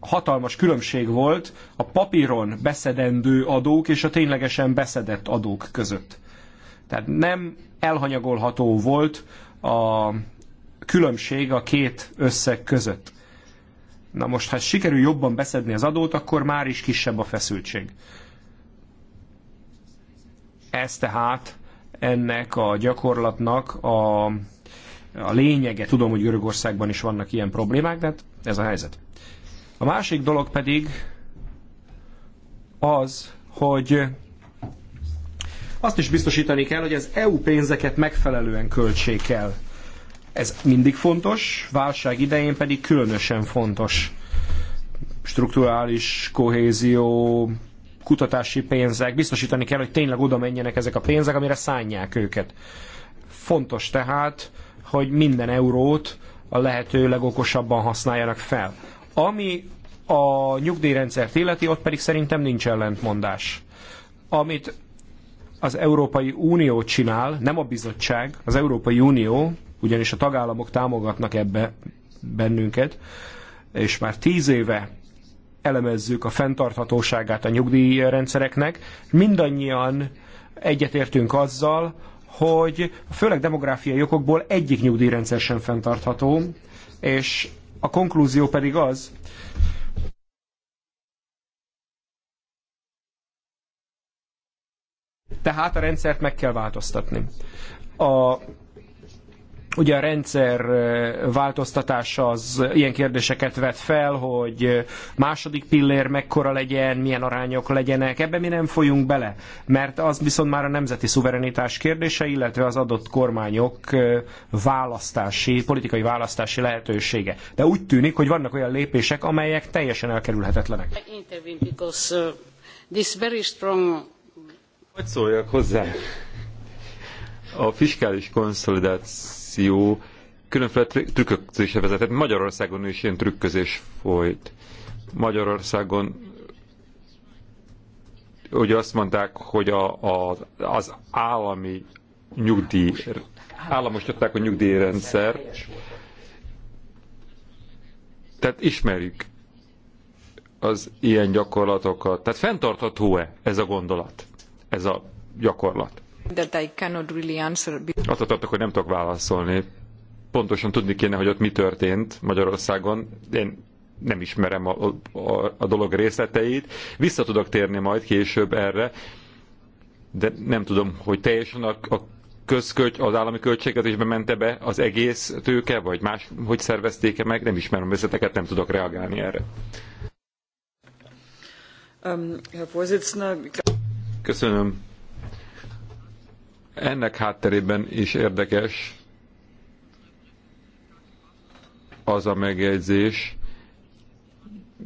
hatalmas különbség volt a papíron beszedendő adók és a ténylegesen beszedett adók között. Tehát nem elhanyagolható volt a különbség a két összeg között. Na most, ha sikerül jobban beszedni az adót, akkor már is kisebb a feszültség. Ez tehát ennek a gyakorlatnak a, a lényege. Tudom, hogy Görögországban is vannak ilyen problémák, de hát ez a helyzet. A másik dolog pedig az, hogy azt is biztosítani kell, hogy az EU pénzeket megfelelően költsék el. Ez mindig fontos, válság idején pedig különösen fontos. Strukturális kohézió, kutatási pénzek, biztosítani kell, hogy tényleg oda menjenek ezek a pénzek, amire szánják őket. Fontos tehát, hogy minden eurót a lehető legokosabban használjanak fel. Ami a nyugdíjrendszert illeti, ott pedig szerintem nincs ellentmondás. Amit az Európai Unió csinál, nem a bizottság, az Európai Unió ugyanis a tagállamok támogatnak ebbe bennünket, és már tíz éve elemezzük a fenntarthatóságát a nyugdíjrendszereknek, mindannyian egyetértünk azzal, hogy főleg demográfiai okokból egyik nyugdíjrendszer sem fenntartható, és a konklúzió pedig az, tehát a rendszert meg kell változtatni. A Ugye a rendszer változtatása az ilyen kérdéseket vet fel, hogy második pillér mekkora legyen, milyen arányok legyenek, ebbe mi nem folyunk bele, mert az viszont már a nemzeti szuverenitás kérdése, illetve az adott kormányok választási, politikai választási lehetősége. De úgy tűnik, hogy vannak olyan lépések, amelyek teljesen elkerülhetetlenek. Hogy szóljak hozzá? A fiskális konszolidáció korrupció különféle trükközésre vezetett. Magyarországon is ilyen trükközés folyt. Magyarországon ugye azt mondták, hogy a, a, az állami nyugdíj, államosították a nyugdíjrendszer. Tehát ismerjük az ilyen gyakorlatokat. Tehát fenntartható-e ez a gondolat, ez a gyakorlat? That Azt hogy nem tudok válaszolni. Pontosan tudni kéne, hogy ott mi történt Magyarországon. Én nem ismerem a, a, a dolog részleteit. Vissza tudok térni majd később erre, de nem tudom, hogy teljesen a, a az állami költségvetésbe mente be az egész tőke, vagy más, hogy szervezték-e meg, nem ismerem részleteket, nem tudok reagálni erre. Um, Köszönöm. Ennek hátterében is érdekes az a megjegyzés,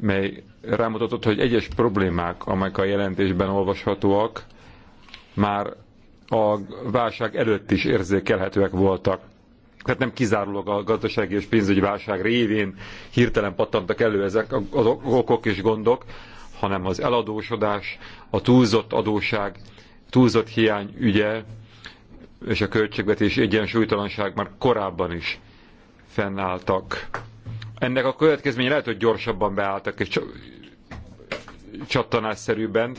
mely rámutatott, hogy egyes problémák, amelyek a jelentésben olvashatóak, már a válság előtt is érzékelhetőek voltak. Tehát nem kizárólag a gazdasági és pénzügyi válság révén hirtelen pattantak elő ezek az okok és gondok, hanem az eladósodás, a túlzott adóság, túlzott hiány ügye és a költségvetés egyensúlytalanság már korábban is fennálltak. Ennek a következménye lehet, hogy gyorsabban beálltak, és csattanásszerűbben,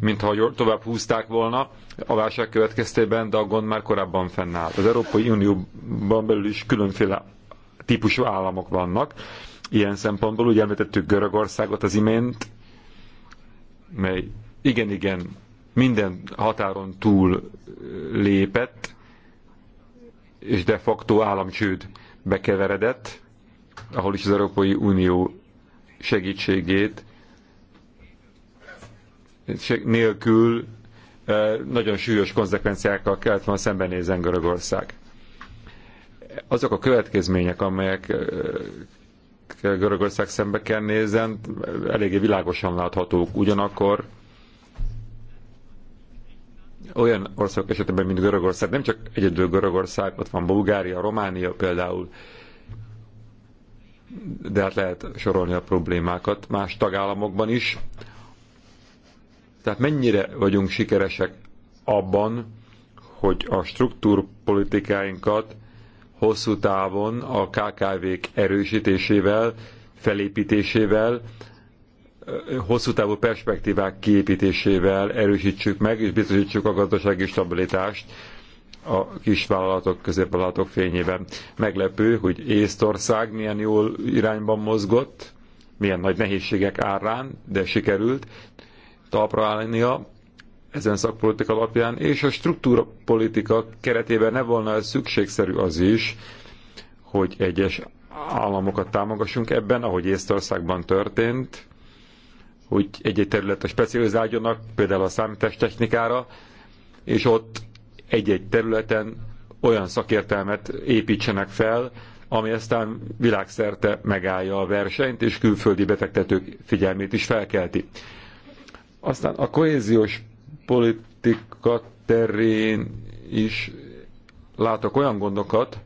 mintha tovább húzták volna a válság következtében, de a gond már korábban fennállt. Az Európai Unióban belül is különféle típusú államok vannak. Ilyen szempontból ugye említettük Görögországot az imént, mely igen-igen minden határon túl lépett, és de facto államcsőd bekeveredett, ahol is az Európai Unió segítségét nélkül nagyon súlyos konzekvenciákkal kellett volna szembenézen Görögország. Azok a következmények, amelyek Görögország szembe kell nézzen, eléggé világosan láthatók. Ugyanakkor olyan országok esetében, mint Görögország, nem csak egyedül Görögország, ott van Bulgária, Románia például, de hát lehet sorolni a problémákat más tagállamokban is. Tehát mennyire vagyunk sikeresek abban, hogy a struktúrpolitikáinkat hosszú távon a KKV-k erősítésével, felépítésével hosszú távú perspektívák kiépítésével erősítsük meg és biztosítsuk a gazdasági stabilitást a kisvállalatok, középvállalatok fényében. Meglepő, hogy Észtország milyen jól irányban mozgott, milyen nagy nehézségek árán, de sikerült talpra a ezen szakpolitika alapján, és a struktúrapolitika keretében ne volna ez szükségszerű az is, hogy egyes államokat támogassunk ebben, ahogy Észtországban történt, hogy egy-egy területre specializáljanak, például a számítástechnikára, és ott egy-egy területen olyan szakértelmet építsenek fel, ami aztán világszerte megállja a versenyt, és külföldi befektetők figyelmét is felkelti. Aztán a kohéziós politika terén is látok olyan gondokat,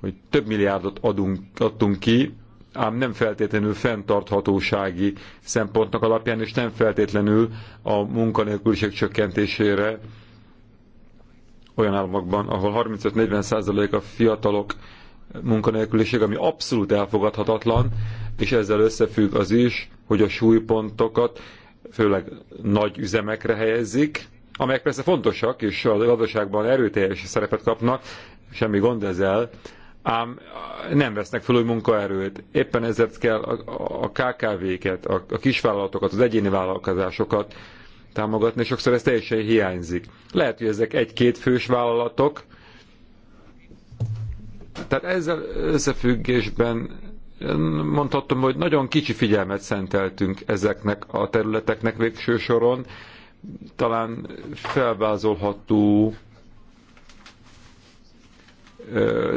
hogy több milliárdot adunk, adtunk ki ám nem feltétlenül fenntarthatósági szempontnak alapján, és nem feltétlenül a munkanélküliség csökkentésére olyan államokban, ahol 35-40 százalék a fiatalok munkanélküliség, ami abszolút elfogadhatatlan, és ezzel összefügg az is, hogy a súlypontokat főleg nagy üzemekre helyezzik, amelyek persze fontosak, és a gazdaságban erőteljes szerepet kapnak, semmi gond ezzel, ám nem vesznek fel új munkaerőt. Éppen ezért kell a KKV-ket, a kisvállalatokat, az egyéni vállalkozásokat támogatni, és sokszor ez teljesen hiányzik. Lehet, hogy ezek egy-két fős vállalatok, tehát ezzel összefüggésben mondhatom, hogy nagyon kicsi figyelmet szenteltünk ezeknek a területeknek végső soron. Talán felvázolható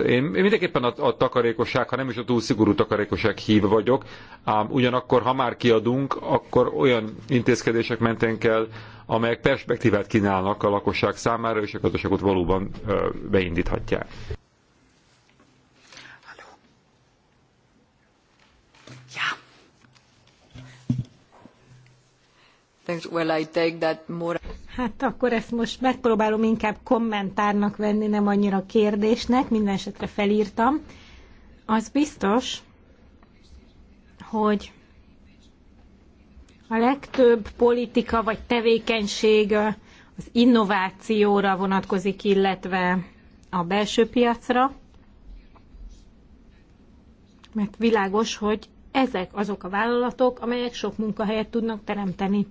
én mindenképpen a, a takarékosság, ha nem is a túl szigorú takarékosság hív vagyok, ám ugyanakkor, ha már kiadunk, akkor olyan intézkedések mentén kell, amelyek perspektívát kínálnak a lakosság számára, és a gazdaságot valóban beindíthatják. Yeah. Well, I take that more Hát akkor ezt most megpróbálom inkább kommentárnak venni, nem annyira kérdésnek, minden esetre felírtam. Az biztos, hogy a legtöbb politika vagy tevékenység az innovációra vonatkozik, illetve a belső piacra, mert világos, hogy ezek azok a vállalatok, amelyek sok munkahelyet tudnak teremteni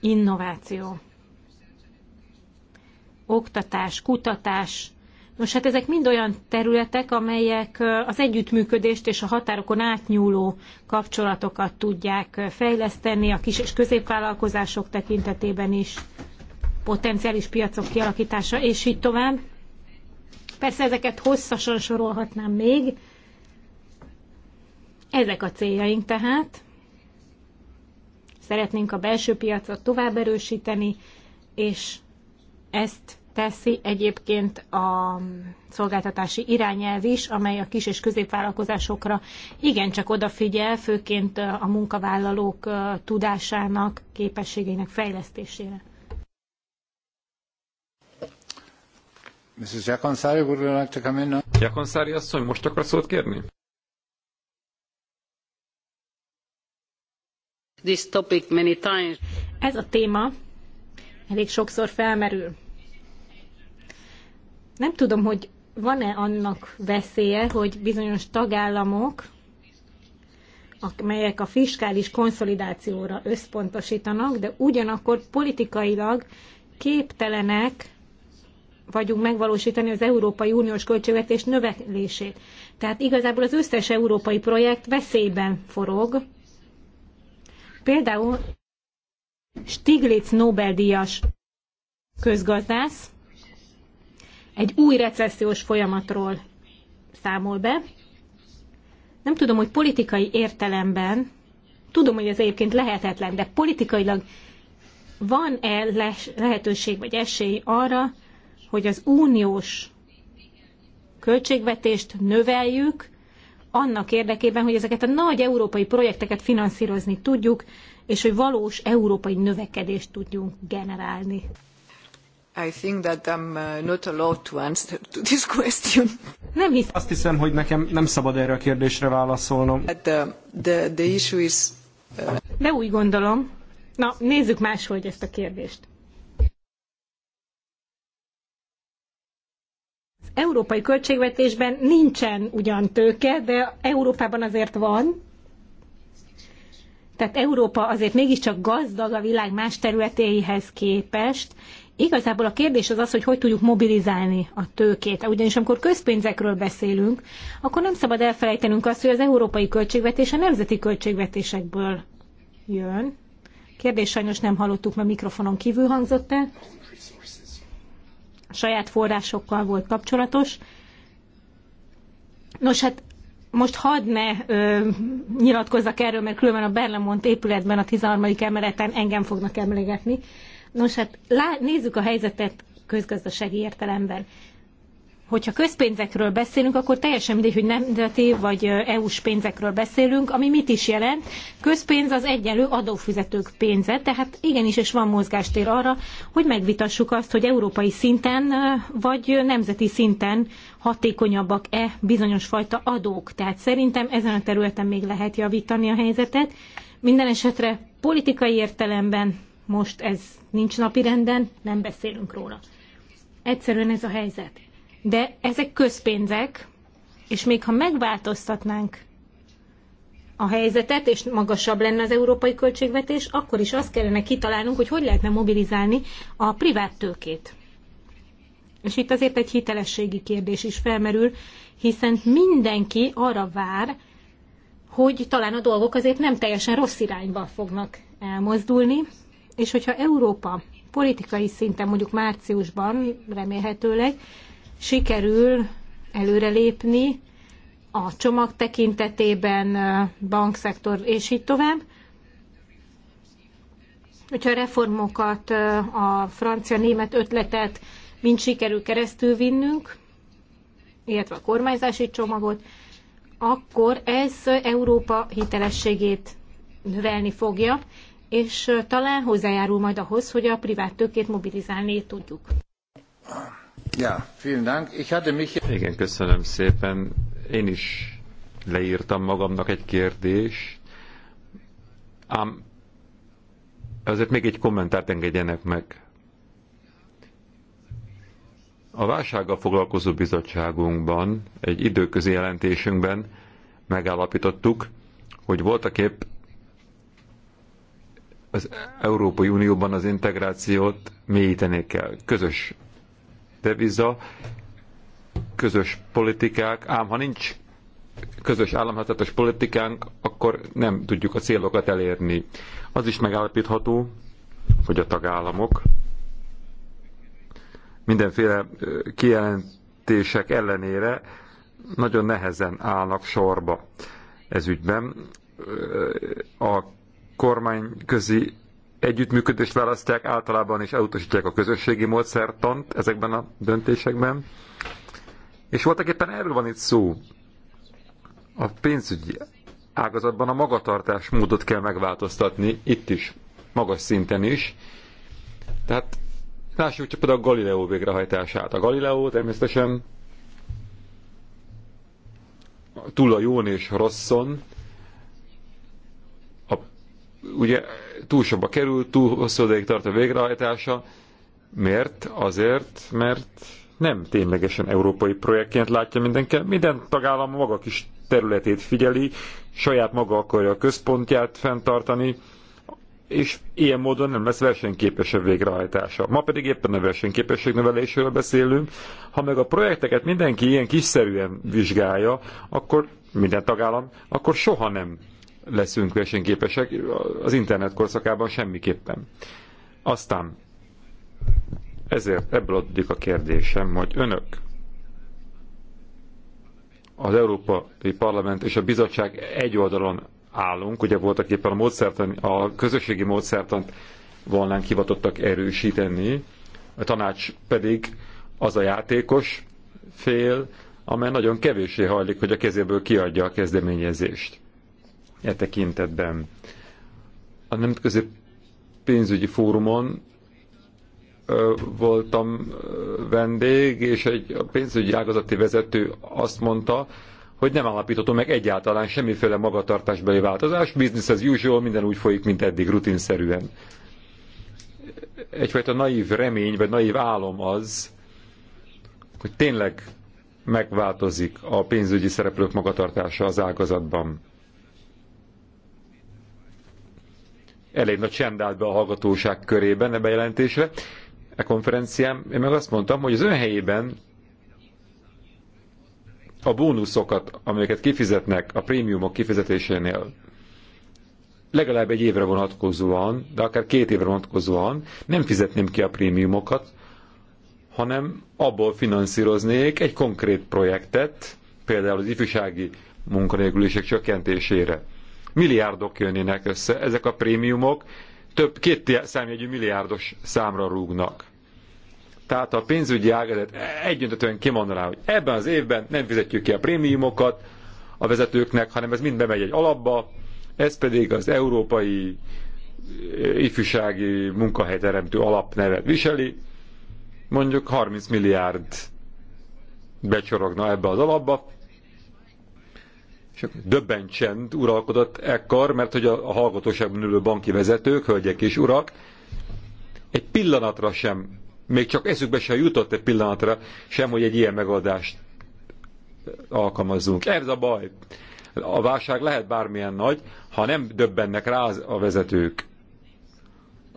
innováció, oktatás, kutatás. Nos, hát ezek mind olyan területek, amelyek az együttműködést és a határokon átnyúló kapcsolatokat tudják fejleszteni a kis és középvállalkozások tekintetében is, potenciális piacok kialakítása, és így tovább. Persze ezeket hosszasan sorolhatnám még. Ezek a céljaink tehát. Szeretnénk a belső piacot tovább erősíteni, és ezt teszi egyébként a szolgáltatási irányelv is, amely a kis és középvállalkozásokra igencsak odafigyel, főként a munkavállalók tudásának, képességeinek fejlesztésére. Mrs. Jakonszári, úr, you like to come in? Jakonszári asszony, most akar szót kérni? this topic many times. Ez a téma elég sokszor felmerül. Nem tudom, hogy van-e annak veszélye, hogy bizonyos tagállamok, amelyek a fiskális konszolidációra összpontosítanak, de ugyanakkor politikailag képtelenek vagyunk megvalósítani az Európai Uniós költségvetés növelését. Tehát igazából az összes európai projekt veszélyben forog, Például Stiglitz Nobel-díjas közgazdász egy új recessziós folyamatról számol be. Nem tudom, hogy politikai értelemben, tudom, hogy ez egyébként lehetetlen, de politikailag van-e lehetőség vagy esély arra, hogy az uniós költségvetést növeljük, annak érdekében, hogy ezeket a nagy európai projekteket finanszírozni tudjuk, és hogy valós európai növekedést tudjunk generálni. I think that I'm uh, not allowed to answer to this question. Nem hiszem. Azt hiszem, hogy nekem nem szabad erre a kérdésre válaszolnom. The, uh, the, the issue is... Uh... De úgy gondolom. Na, nézzük máshogy ezt a kérdést. európai költségvetésben nincsen ugyan tőke, de Európában azért van. Tehát Európa azért mégiscsak gazdag a világ más területéhez képest. Igazából a kérdés az az, hogy hogy tudjuk mobilizálni a tőkét. Ugyanis amikor közpénzekről beszélünk, akkor nem szabad elfelejtenünk azt, hogy az európai költségvetés a nemzeti költségvetésekből jön. Kérdés sajnos nem hallottuk, mert mikrofonon kívül hangzott el saját forrásokkal volt kapcsolatos. Nos, hát most hadd ne ö, nyilatkozzak erről, mert különben a Berlemont épületben a 13. emeleten engem fognak emlegetni. Nos, hát lá, nézzük a helyzetet közgazdasági értelemben hogyha közpénzekről beszélünk, akkor teljesen mindegy, hogy nemzeti vagy EU-s pénzekről beszélünk, ami mit is jelent. Közpénz az egyenlő adófizetők pénze, tehát igenis, és van mozgástér arra, hogy megvitassuk azt, hogy európai szinten vagy nemzeti szinten hatékonyabbak-e bizonyos fajta adók. Tehát szerintem ezen a területen még lehet javítani a helyzetet. Minden esetre politikai értelemben most ez nincs napirenden, nem beszélünk róla. Egyszerűen ez a helyzet de ezek közpénzek, és még ha megváltoztatnánk a helyzetet, és magasabb lenne az európai költségvetés, akkor is azt kellene kitalálnunk, hogy hogy lehetne mobilizálni a privát tőkét. És itt azért egy hitelességi kérdés is felmerül, hiszen mindenki arra vár, hogy talán a dolgok azért nem teljesen rossz irányba fognak elmozdulni, és hogyha Európa politikai szinten mondjuk márciusban remélhetőleg sikerül előrelépni a csomag tekintetében, bankszektor és így tovább. Hogyha a reformokat, a francia-német ötletet mind sikerül keresztül vinnünk, illetve a kormányzási csomagot, akkor ez Európa hitelességét növelni fogja, és talán hozzájárul majd ahhoz, hogy a privát tőkét mobilizálni tudjuk. Igen, köszönöm szépen. Én is leírtam magamnak egy kérdést, ám azért még egy kommentárt engedjenek meg. A válsággal foglalkozó bizottságunkban, egy időközi jelentésünkben megállapítottuk, hogy voltak épp az Európai Unióban az integrációt mélyíteni kell. Közös deviza, közös politikák, ám ha nincs közös államhatatos politikánk, akkor nem tudjuk a célokat elérni. Az is megállapítható, hogy a tagállamok mindenféle kijelentések ellenére nagyon nehezen állnak sorba ez ügyben. A kormányközi együttműködést választják, általában is elutasítják a közösségi módszertant ezekben a döntésekben. És voltak éppen erről van itt szó. A pénzügyi ágazatban a magatartás módot kell megváltoztatni, itt is, magas szinten is. Tehát lássuk csak például a Galileo végrehajtását. A Galileo természetesen túl a jón és rosszon ugye túl sokba kerül, túl hosszú ideig tart a végrehajtása. Miért? Azért, mert nem ténylegesen európai projektként látja mindenki. Minden tagállam maga kis területét figyeli, saját maga akarja a központját fenntartani, és ilyen módon nem lesz a végrehajtása. Ma pedig éppen a versenyképesség növelésről beszélünk. Ha meg a projekteket mindenki ilyen kiszerűen vizsgálja, akkor minden tagállam, akkor soha nem leszünk versenyképesek, az internet korszakában semmiképpen. Aztán ezért ebből adódik a kérdésem, hogy önök az Európai Parlament és a Bizottság egy oldalon állunk, ugye voltak éppen a, módszertan, a közösségi módszertant volnánk hivatottak erősíteni, a tanács pedig az a játékos fél, amely nagyon kevéssé hajlik, hogy a kezéből kiadja a kezdeményezést e tekintetben. A Nemzetközi Pénzügyi Fórumon voltam vendég, és egy pénzügyi ágazati vezető azt mondta, hogy nem állapítható meg egyáltalán semmiféle magatartásbeli változás, business as usual, minden úgy folyik, mint eddig, rutinszerűen. Egyfajta naív remény, vagy naív álom az, hogy tényleg megváltozik a pénzügyi szereplők magatartása az ágazatban. elég nagy csend állt be a hallgatóság körében a e bejelentésre, a e konferencián. Én meg azt mondtam, hogy az ön helyében a bónuszokat, amelyeket kifizetnek a prémiumok kifizetésénél, legalább egy évre vonatkozóan, de akár két évre vonatkozóan nem fizetném ki a prémiumokat, hanem abból finanszíroznék egy konkrét projektet, például az ifjúsági munkanélküliség csökkentésére milliárdok jönnének össze. Ezek a prémiumok több két számjegyű milliárdos számra rúgnak. Tehát a pénzügyi ágazat egyöntetően kimondaná, hogy ebben az évben nem fizetjük ki a prémiumokat a vezetőknek, hanem ez mind bemegy egy alapba, ez pedig az európai eh, ifjúsági munkahelyteremtő nevet viseli, mondjuk 30 milliárd becsorogna ebbe az alapba, döbben csend uralkodott ekkor, mert hogy a, hallgatóságban ülő banki vezetők, hölgyek és urak, egy pillanatra sem, még csak eszükbe sem jutott egy pillanatra sem, hogy egy ilyen megoldást eh, alkalmazzunk. Ez a baj. A válság lehet bármilyen nagy, ha nem döbbennek rá a vezetők,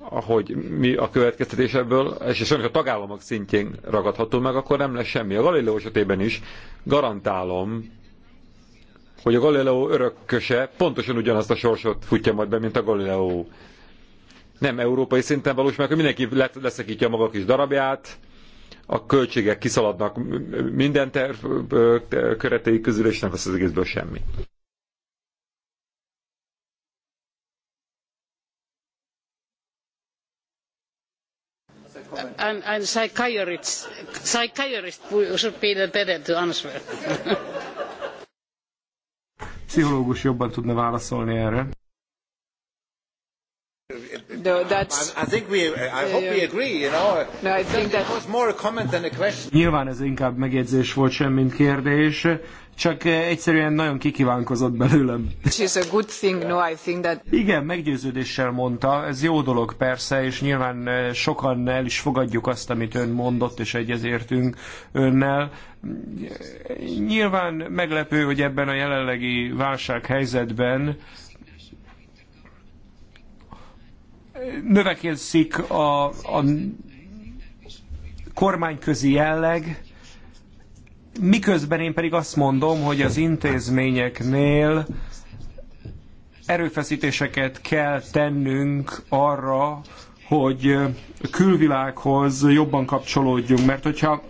hogy mi a következtetés ebből, és sajnos a tagállamok szintjén ragadható meg, akkor nem lesz semmi. A Galileo esetében is garantálom, hogy a Galileo örökköse pontosan ugyanazt a sorsot futja majd be, mint a Galileo. Nem európai szinten valós, mert mindenki leszekítja maga kis darabját, a költségek kiszaladnak minden terv keretei közül, és nem vesz az egészből semmi. and, and psychiatrists, psychiatrists should be the better to answer. pszichológus jobban tudna válaszolni erre. No, that's... I, I think we, I hope we agree, you know. No, I think that was more a comment than a question. Nyilván ez inkább megjegyzés volt, mint kérdés. Csak eh, egyszerűen nagyon kikívánkozott belőlem. is a good thing, no, I think that... Igen, meggyőződéssel mondta, ez jó dolog persze, és nyilván eh, sokan el is fogadjuk azt, amit ön mondott, és egyezértünk önnel. Nyilván meglepő, hogy ebben a jelenlegi válsághelyzetben növekedszik a, a kormányközi jelleg, miközben én pedig azt mondom, hogy az intézményeknél erőfeszítéseket kell tennünk arra, hogy külvilághoz jobban kapcsolódjunk, mert hogyha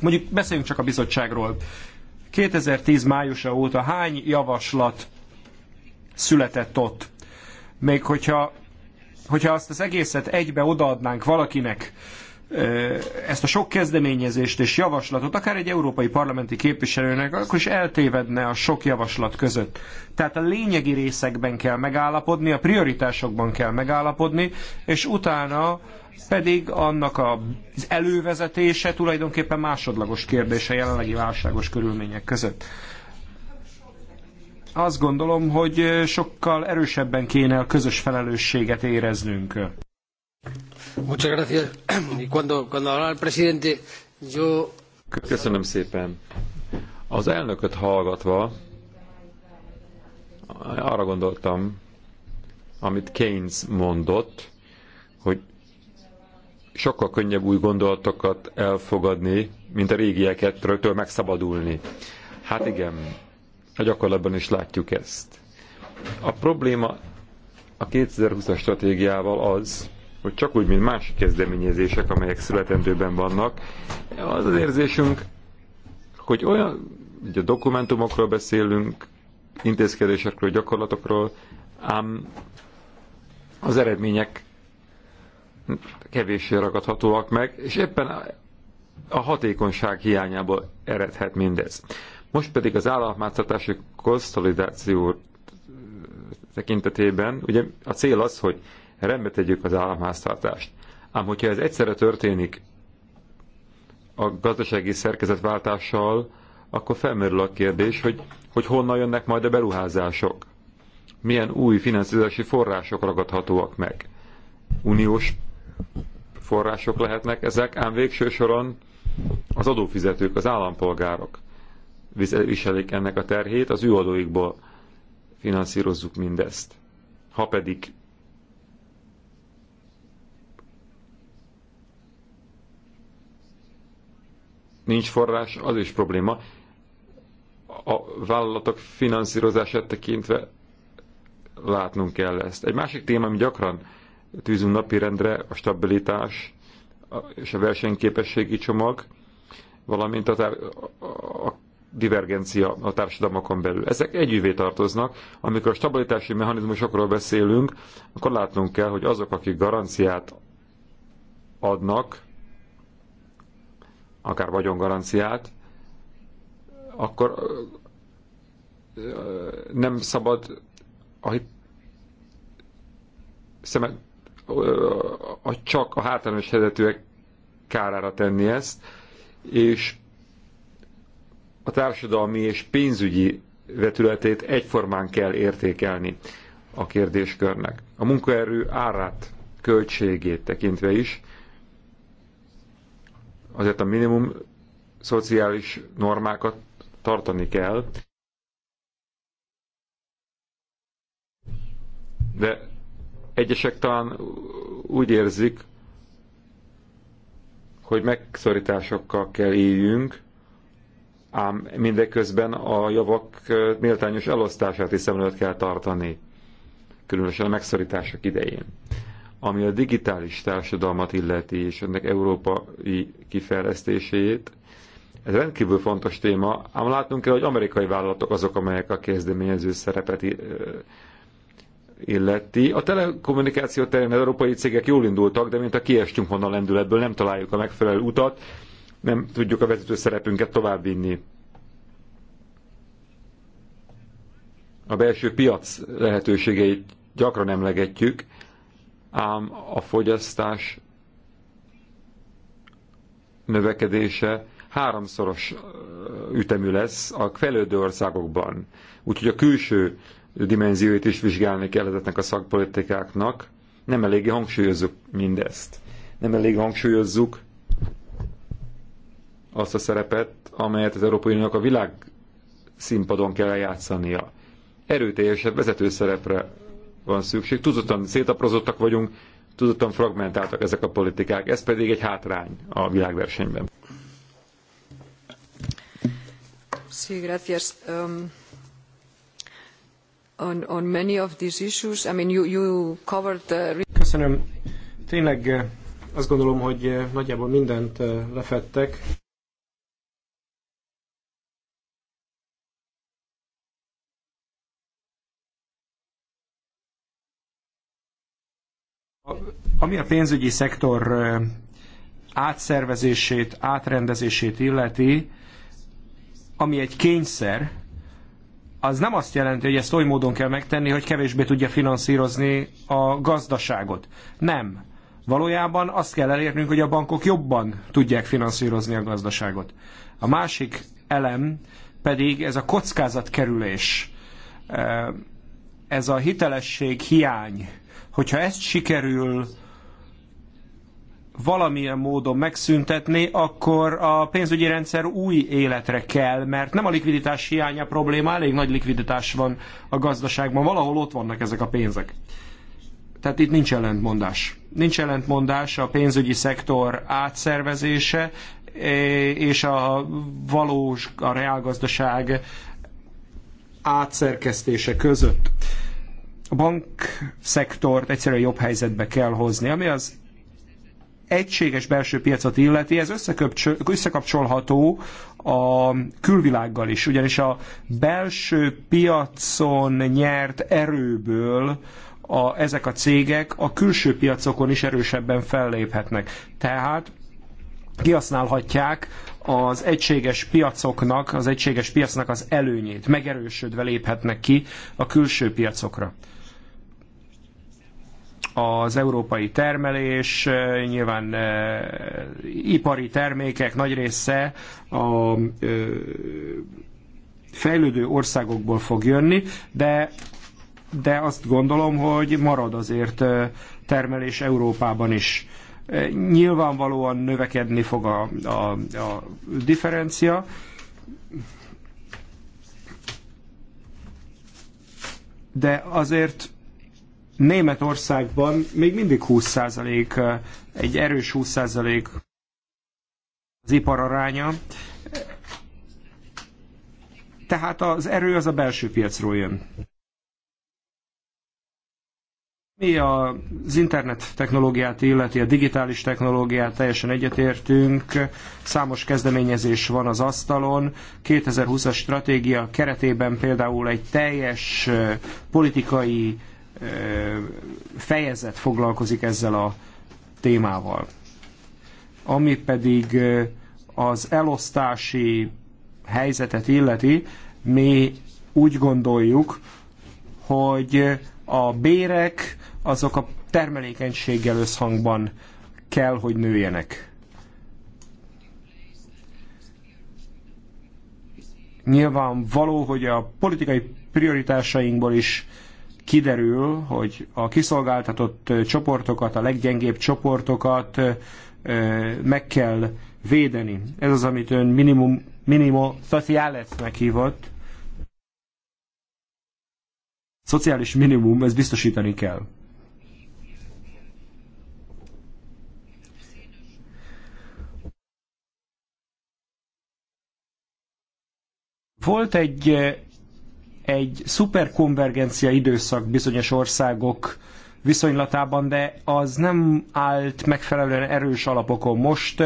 mondjuk beszéljünk csak a bizottságról. 2010 májusa óta hány javaslat született ott? Még hogyha hogyha azt az egészet egybe odaadnánk valakinek, ezt a sok kezdeményezést és javaslatot, akár egy európai parlamenti képviselőnek, akkor is eltévedne a sok javaslat között. Tehát a lényegi részekben kell megállapodni, a prioritásokban kell megállapodni, és utána pedig annak az elővezetése tulajdonképpen másodlagos kérdése jelenlegi válságos körülmények között azt gondolom, hogy sokkal erősebben kéne a közös felelősséget éreznünk. Muchas gracias. Y cuando, cuando el presidente, yo... Köszönöm szépen. Az elnököt hallgatva arra gondoltam, amit Keynes mondott, hogy sokkal könnyebb új gondolatokat elfogadni, mint a régieket, rögtön megszabadulni. Hát igen, a gyakorlatban is látjuk ezt. A probléma a 2020-as stratégiával az, hogy csak úgy, mint más kezdeményezések, amelyek születendőben vannak, az az érzésünk, hogy olyan hogy a dokumentumokról beszélünk, intézkedésekről, gyakorlatokról, ám az eredmények kevéssé ragadhatóak meg, és éppen a hatékonyság hiányából eredhet mindez. Most pedig az államháztartási konszolidáció tekintetében, ugye a cél az, hogy rendbe tegyük az államháztartást. Ám hogyha ez egyszerre történik a gazdasági szerkezetváltással, akkor felmerül a kérdés, hogy, hogy honnan jönnek majd a beruházások. Milyen új finanszírozási források ragadhatóak meg. Uniós források lehetnek ezek, ám végső soron az adófizetők, az állampolgárok viselik ennek a terhét, az ő adóikból finanszírozzuk mindezt. Ha pedig nincs forrás, az is probléma. A vállalatok finanszírozását tekintve látnunk kell ezt. Egy másik téma, ami gyakran tűzünk napirendre, a stabilitás és a versenyképességi csomag, valamint a, a, a divergencia a társadalmakon belül. Ezek együvé tartoznak. Amikor a stabilitási mechanizmusokról beszélünk, akkor látnunk kell, hogy azok, akik garanciát adnak, akár vagyongaranciát, akkor nem szabad a, szemet, a csak a hátrányos helyzetűek kárára tenni ezt, és a társadalmi és pénzügyi vetületét egyformán kell értékelni a kérdéskörnek. A munkaerő árát, költségét tekintve is, azért a minimum szociális normákat tartani kell, de egyesek talán úgy érzik, hogy megszorításokkal kell éljünk, ám mindeközben a javak méltányos elosztását is szem előtt kell tartani, különösen a megszorítások idején. Ami a digitális társadalmat illeti, és ennek európai kifejlesztését, ez rendkívül fontos téma, ám látnunk kell, hogy amerikai vállalatok azok, amelyek a kezdeményező szerepet illeti. A telekommunikáció terén az európai cégek jól indultak, de mint a kiestünk volna a lendületből, nem találjuk a megfelelő utat, nem tudjuk a vezető szerepünket továbbvinni. A belső piac lehetőségeit gyakran emlegetjük, ám a fogyasztás növekedése háromszoros ütemű lesz a fejlődő országokban. Úgyhogy a külső dimenzióit is vizsgálni kell ezeknek a szakpolitikáknak. Nem eléggé hangsúlyozzuk mindezt. Nem elég hangsúlyozzuk azt a szerepet, amelyet az Európai Uniónak a világ színpadon kell játszania. Erőteljesebb vezető szerepre van szükség. Tudottan szétaprozottak vagyunk, tudottan fragmentáltak ezek a politikák. Ez pedig egy hátrány a világversenyben. Sí, gracias. Um, on, on many of these issues, I mean, you, you covered the... Köszönöm. Tényleg eh, azt gondolom, hogy eh, nagyjából mindent eh, lefettek. Ami a pénzügyi szektor átszervezését, átrendezését illeti, ami egy kényszer, az nem azt jelenti, hogy ezt oly módon kell megtenni, hogy kevésbé tudja finanszírozni a gazdaságot. Nem. Valójában azt kell elérnünk, hogy a bankok jobban tudják finanszírozni a gazdaságot. A másik elem pedig ez a kockázatkerülés, ez a hitelesség hiány. Hogyha ezt sikerül valamilyen módon megszüntetni, akkor a pénzügyi rendszer új életre kell, mert nem a likviditás hiánya probléma, elég nagy likviditás van a gazdaságban, valahol ott vannak ezek a pénzek. Tehát itt nincs ellentmondás. Nincs ellentmondás a pénzügyi szektor átszervezése eh, és a valós, a reálgazdaság átszerkesztése között. A bankszektort egyszerűen jobb helyzetbe kell hozni, ami az egységes belső piacot illeti, ez összekapcsolható a külvilággal is, ugyanis a belső piacon nyert erőből a, ezek a cégek a külső piacokon is erősebben felléphetnek. Tehát kihasználhatják az egységes piacoknak, az egységes piacnak az előnyét, megerősödve léphetnek ki a külső piacokra az európai termelés, nyilván ipari termékek nagy része a fejlődő országokból fog jönni, de, de azt gondolom, hogy marad azért termelés Európában is. Nyilvánvalóan növekedni fog a, a, a differencia. De azért Németországban még mindig 20% egy erős 20% az ipar aránya. Tehát az erő az a belső piacról jön. Mi az internet technológiát illeti, a digitális technológiát teljesen egyetértünk. Számos kezdeményezés van az asztalon. 2020-as stratégia keretében például egy teljes politikai fejezet foglalkozik ezzel a témával. Ami pedig az elosztási helyzetet illeti, mi úgy gondoljuk, hogy a bérek azok a termelékenységgel összhangban kell, hogy nőjenek. Nyilván való, hogy a politikai prioritásainkból is kiderül, hogy a kiszolgáltatott csoportokat, a leggyengébb csoportokat meg kell védeni. Ez az, amit ön minimum, minimo socialesnek hívott. Szociális minimum, ez biztosítani kell. Volt egy egy szuperkonvergencia időszak bizonyos országok viszonylatában, de az nem állt megfelelően erős alapokon. Most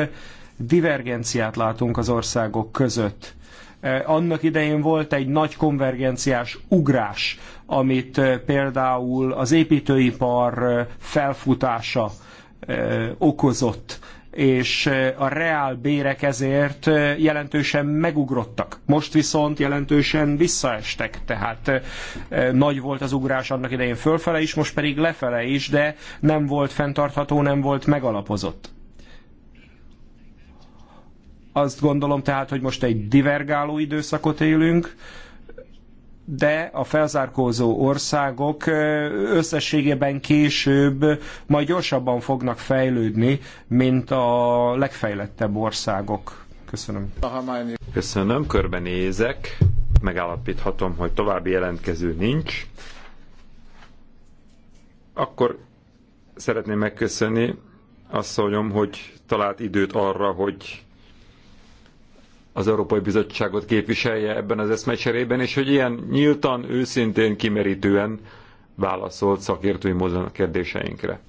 divergenciát látunk az országok között. E, annak idején volt egy nagy konvergenciás ugrás, amit e, például az építőipar e, felfutása okozott és eh, a reál bérek ezért eh, jelentősen megugrottak. Most viszont jelentősen visszaestek, tehát eh, nagy volt az ugrás annak idején fölfele is, most pedig lefele is, de nem volt fenntartható, nem volt megalapozott. Azt gondolom tehát, hogy most egy divergáló időszakot élünk, de a felzárkózó országok összességében később majd gyorsabban fognak fejlődni, mint a legfejlettebb országok. Köszönöm. Köszönöm, körbenézek. Megállapíthatom, hogy további jelentkező nincs. Akkor szeretném megköszönni asszonyom, hogy talált időt arra, hogy az Európai Bizottságot képviselje ebben az eszmecserében, és hogy ilyen nyíltan, őszintén, kimerítően válaszolt szakértői módon a kérdéseinkre.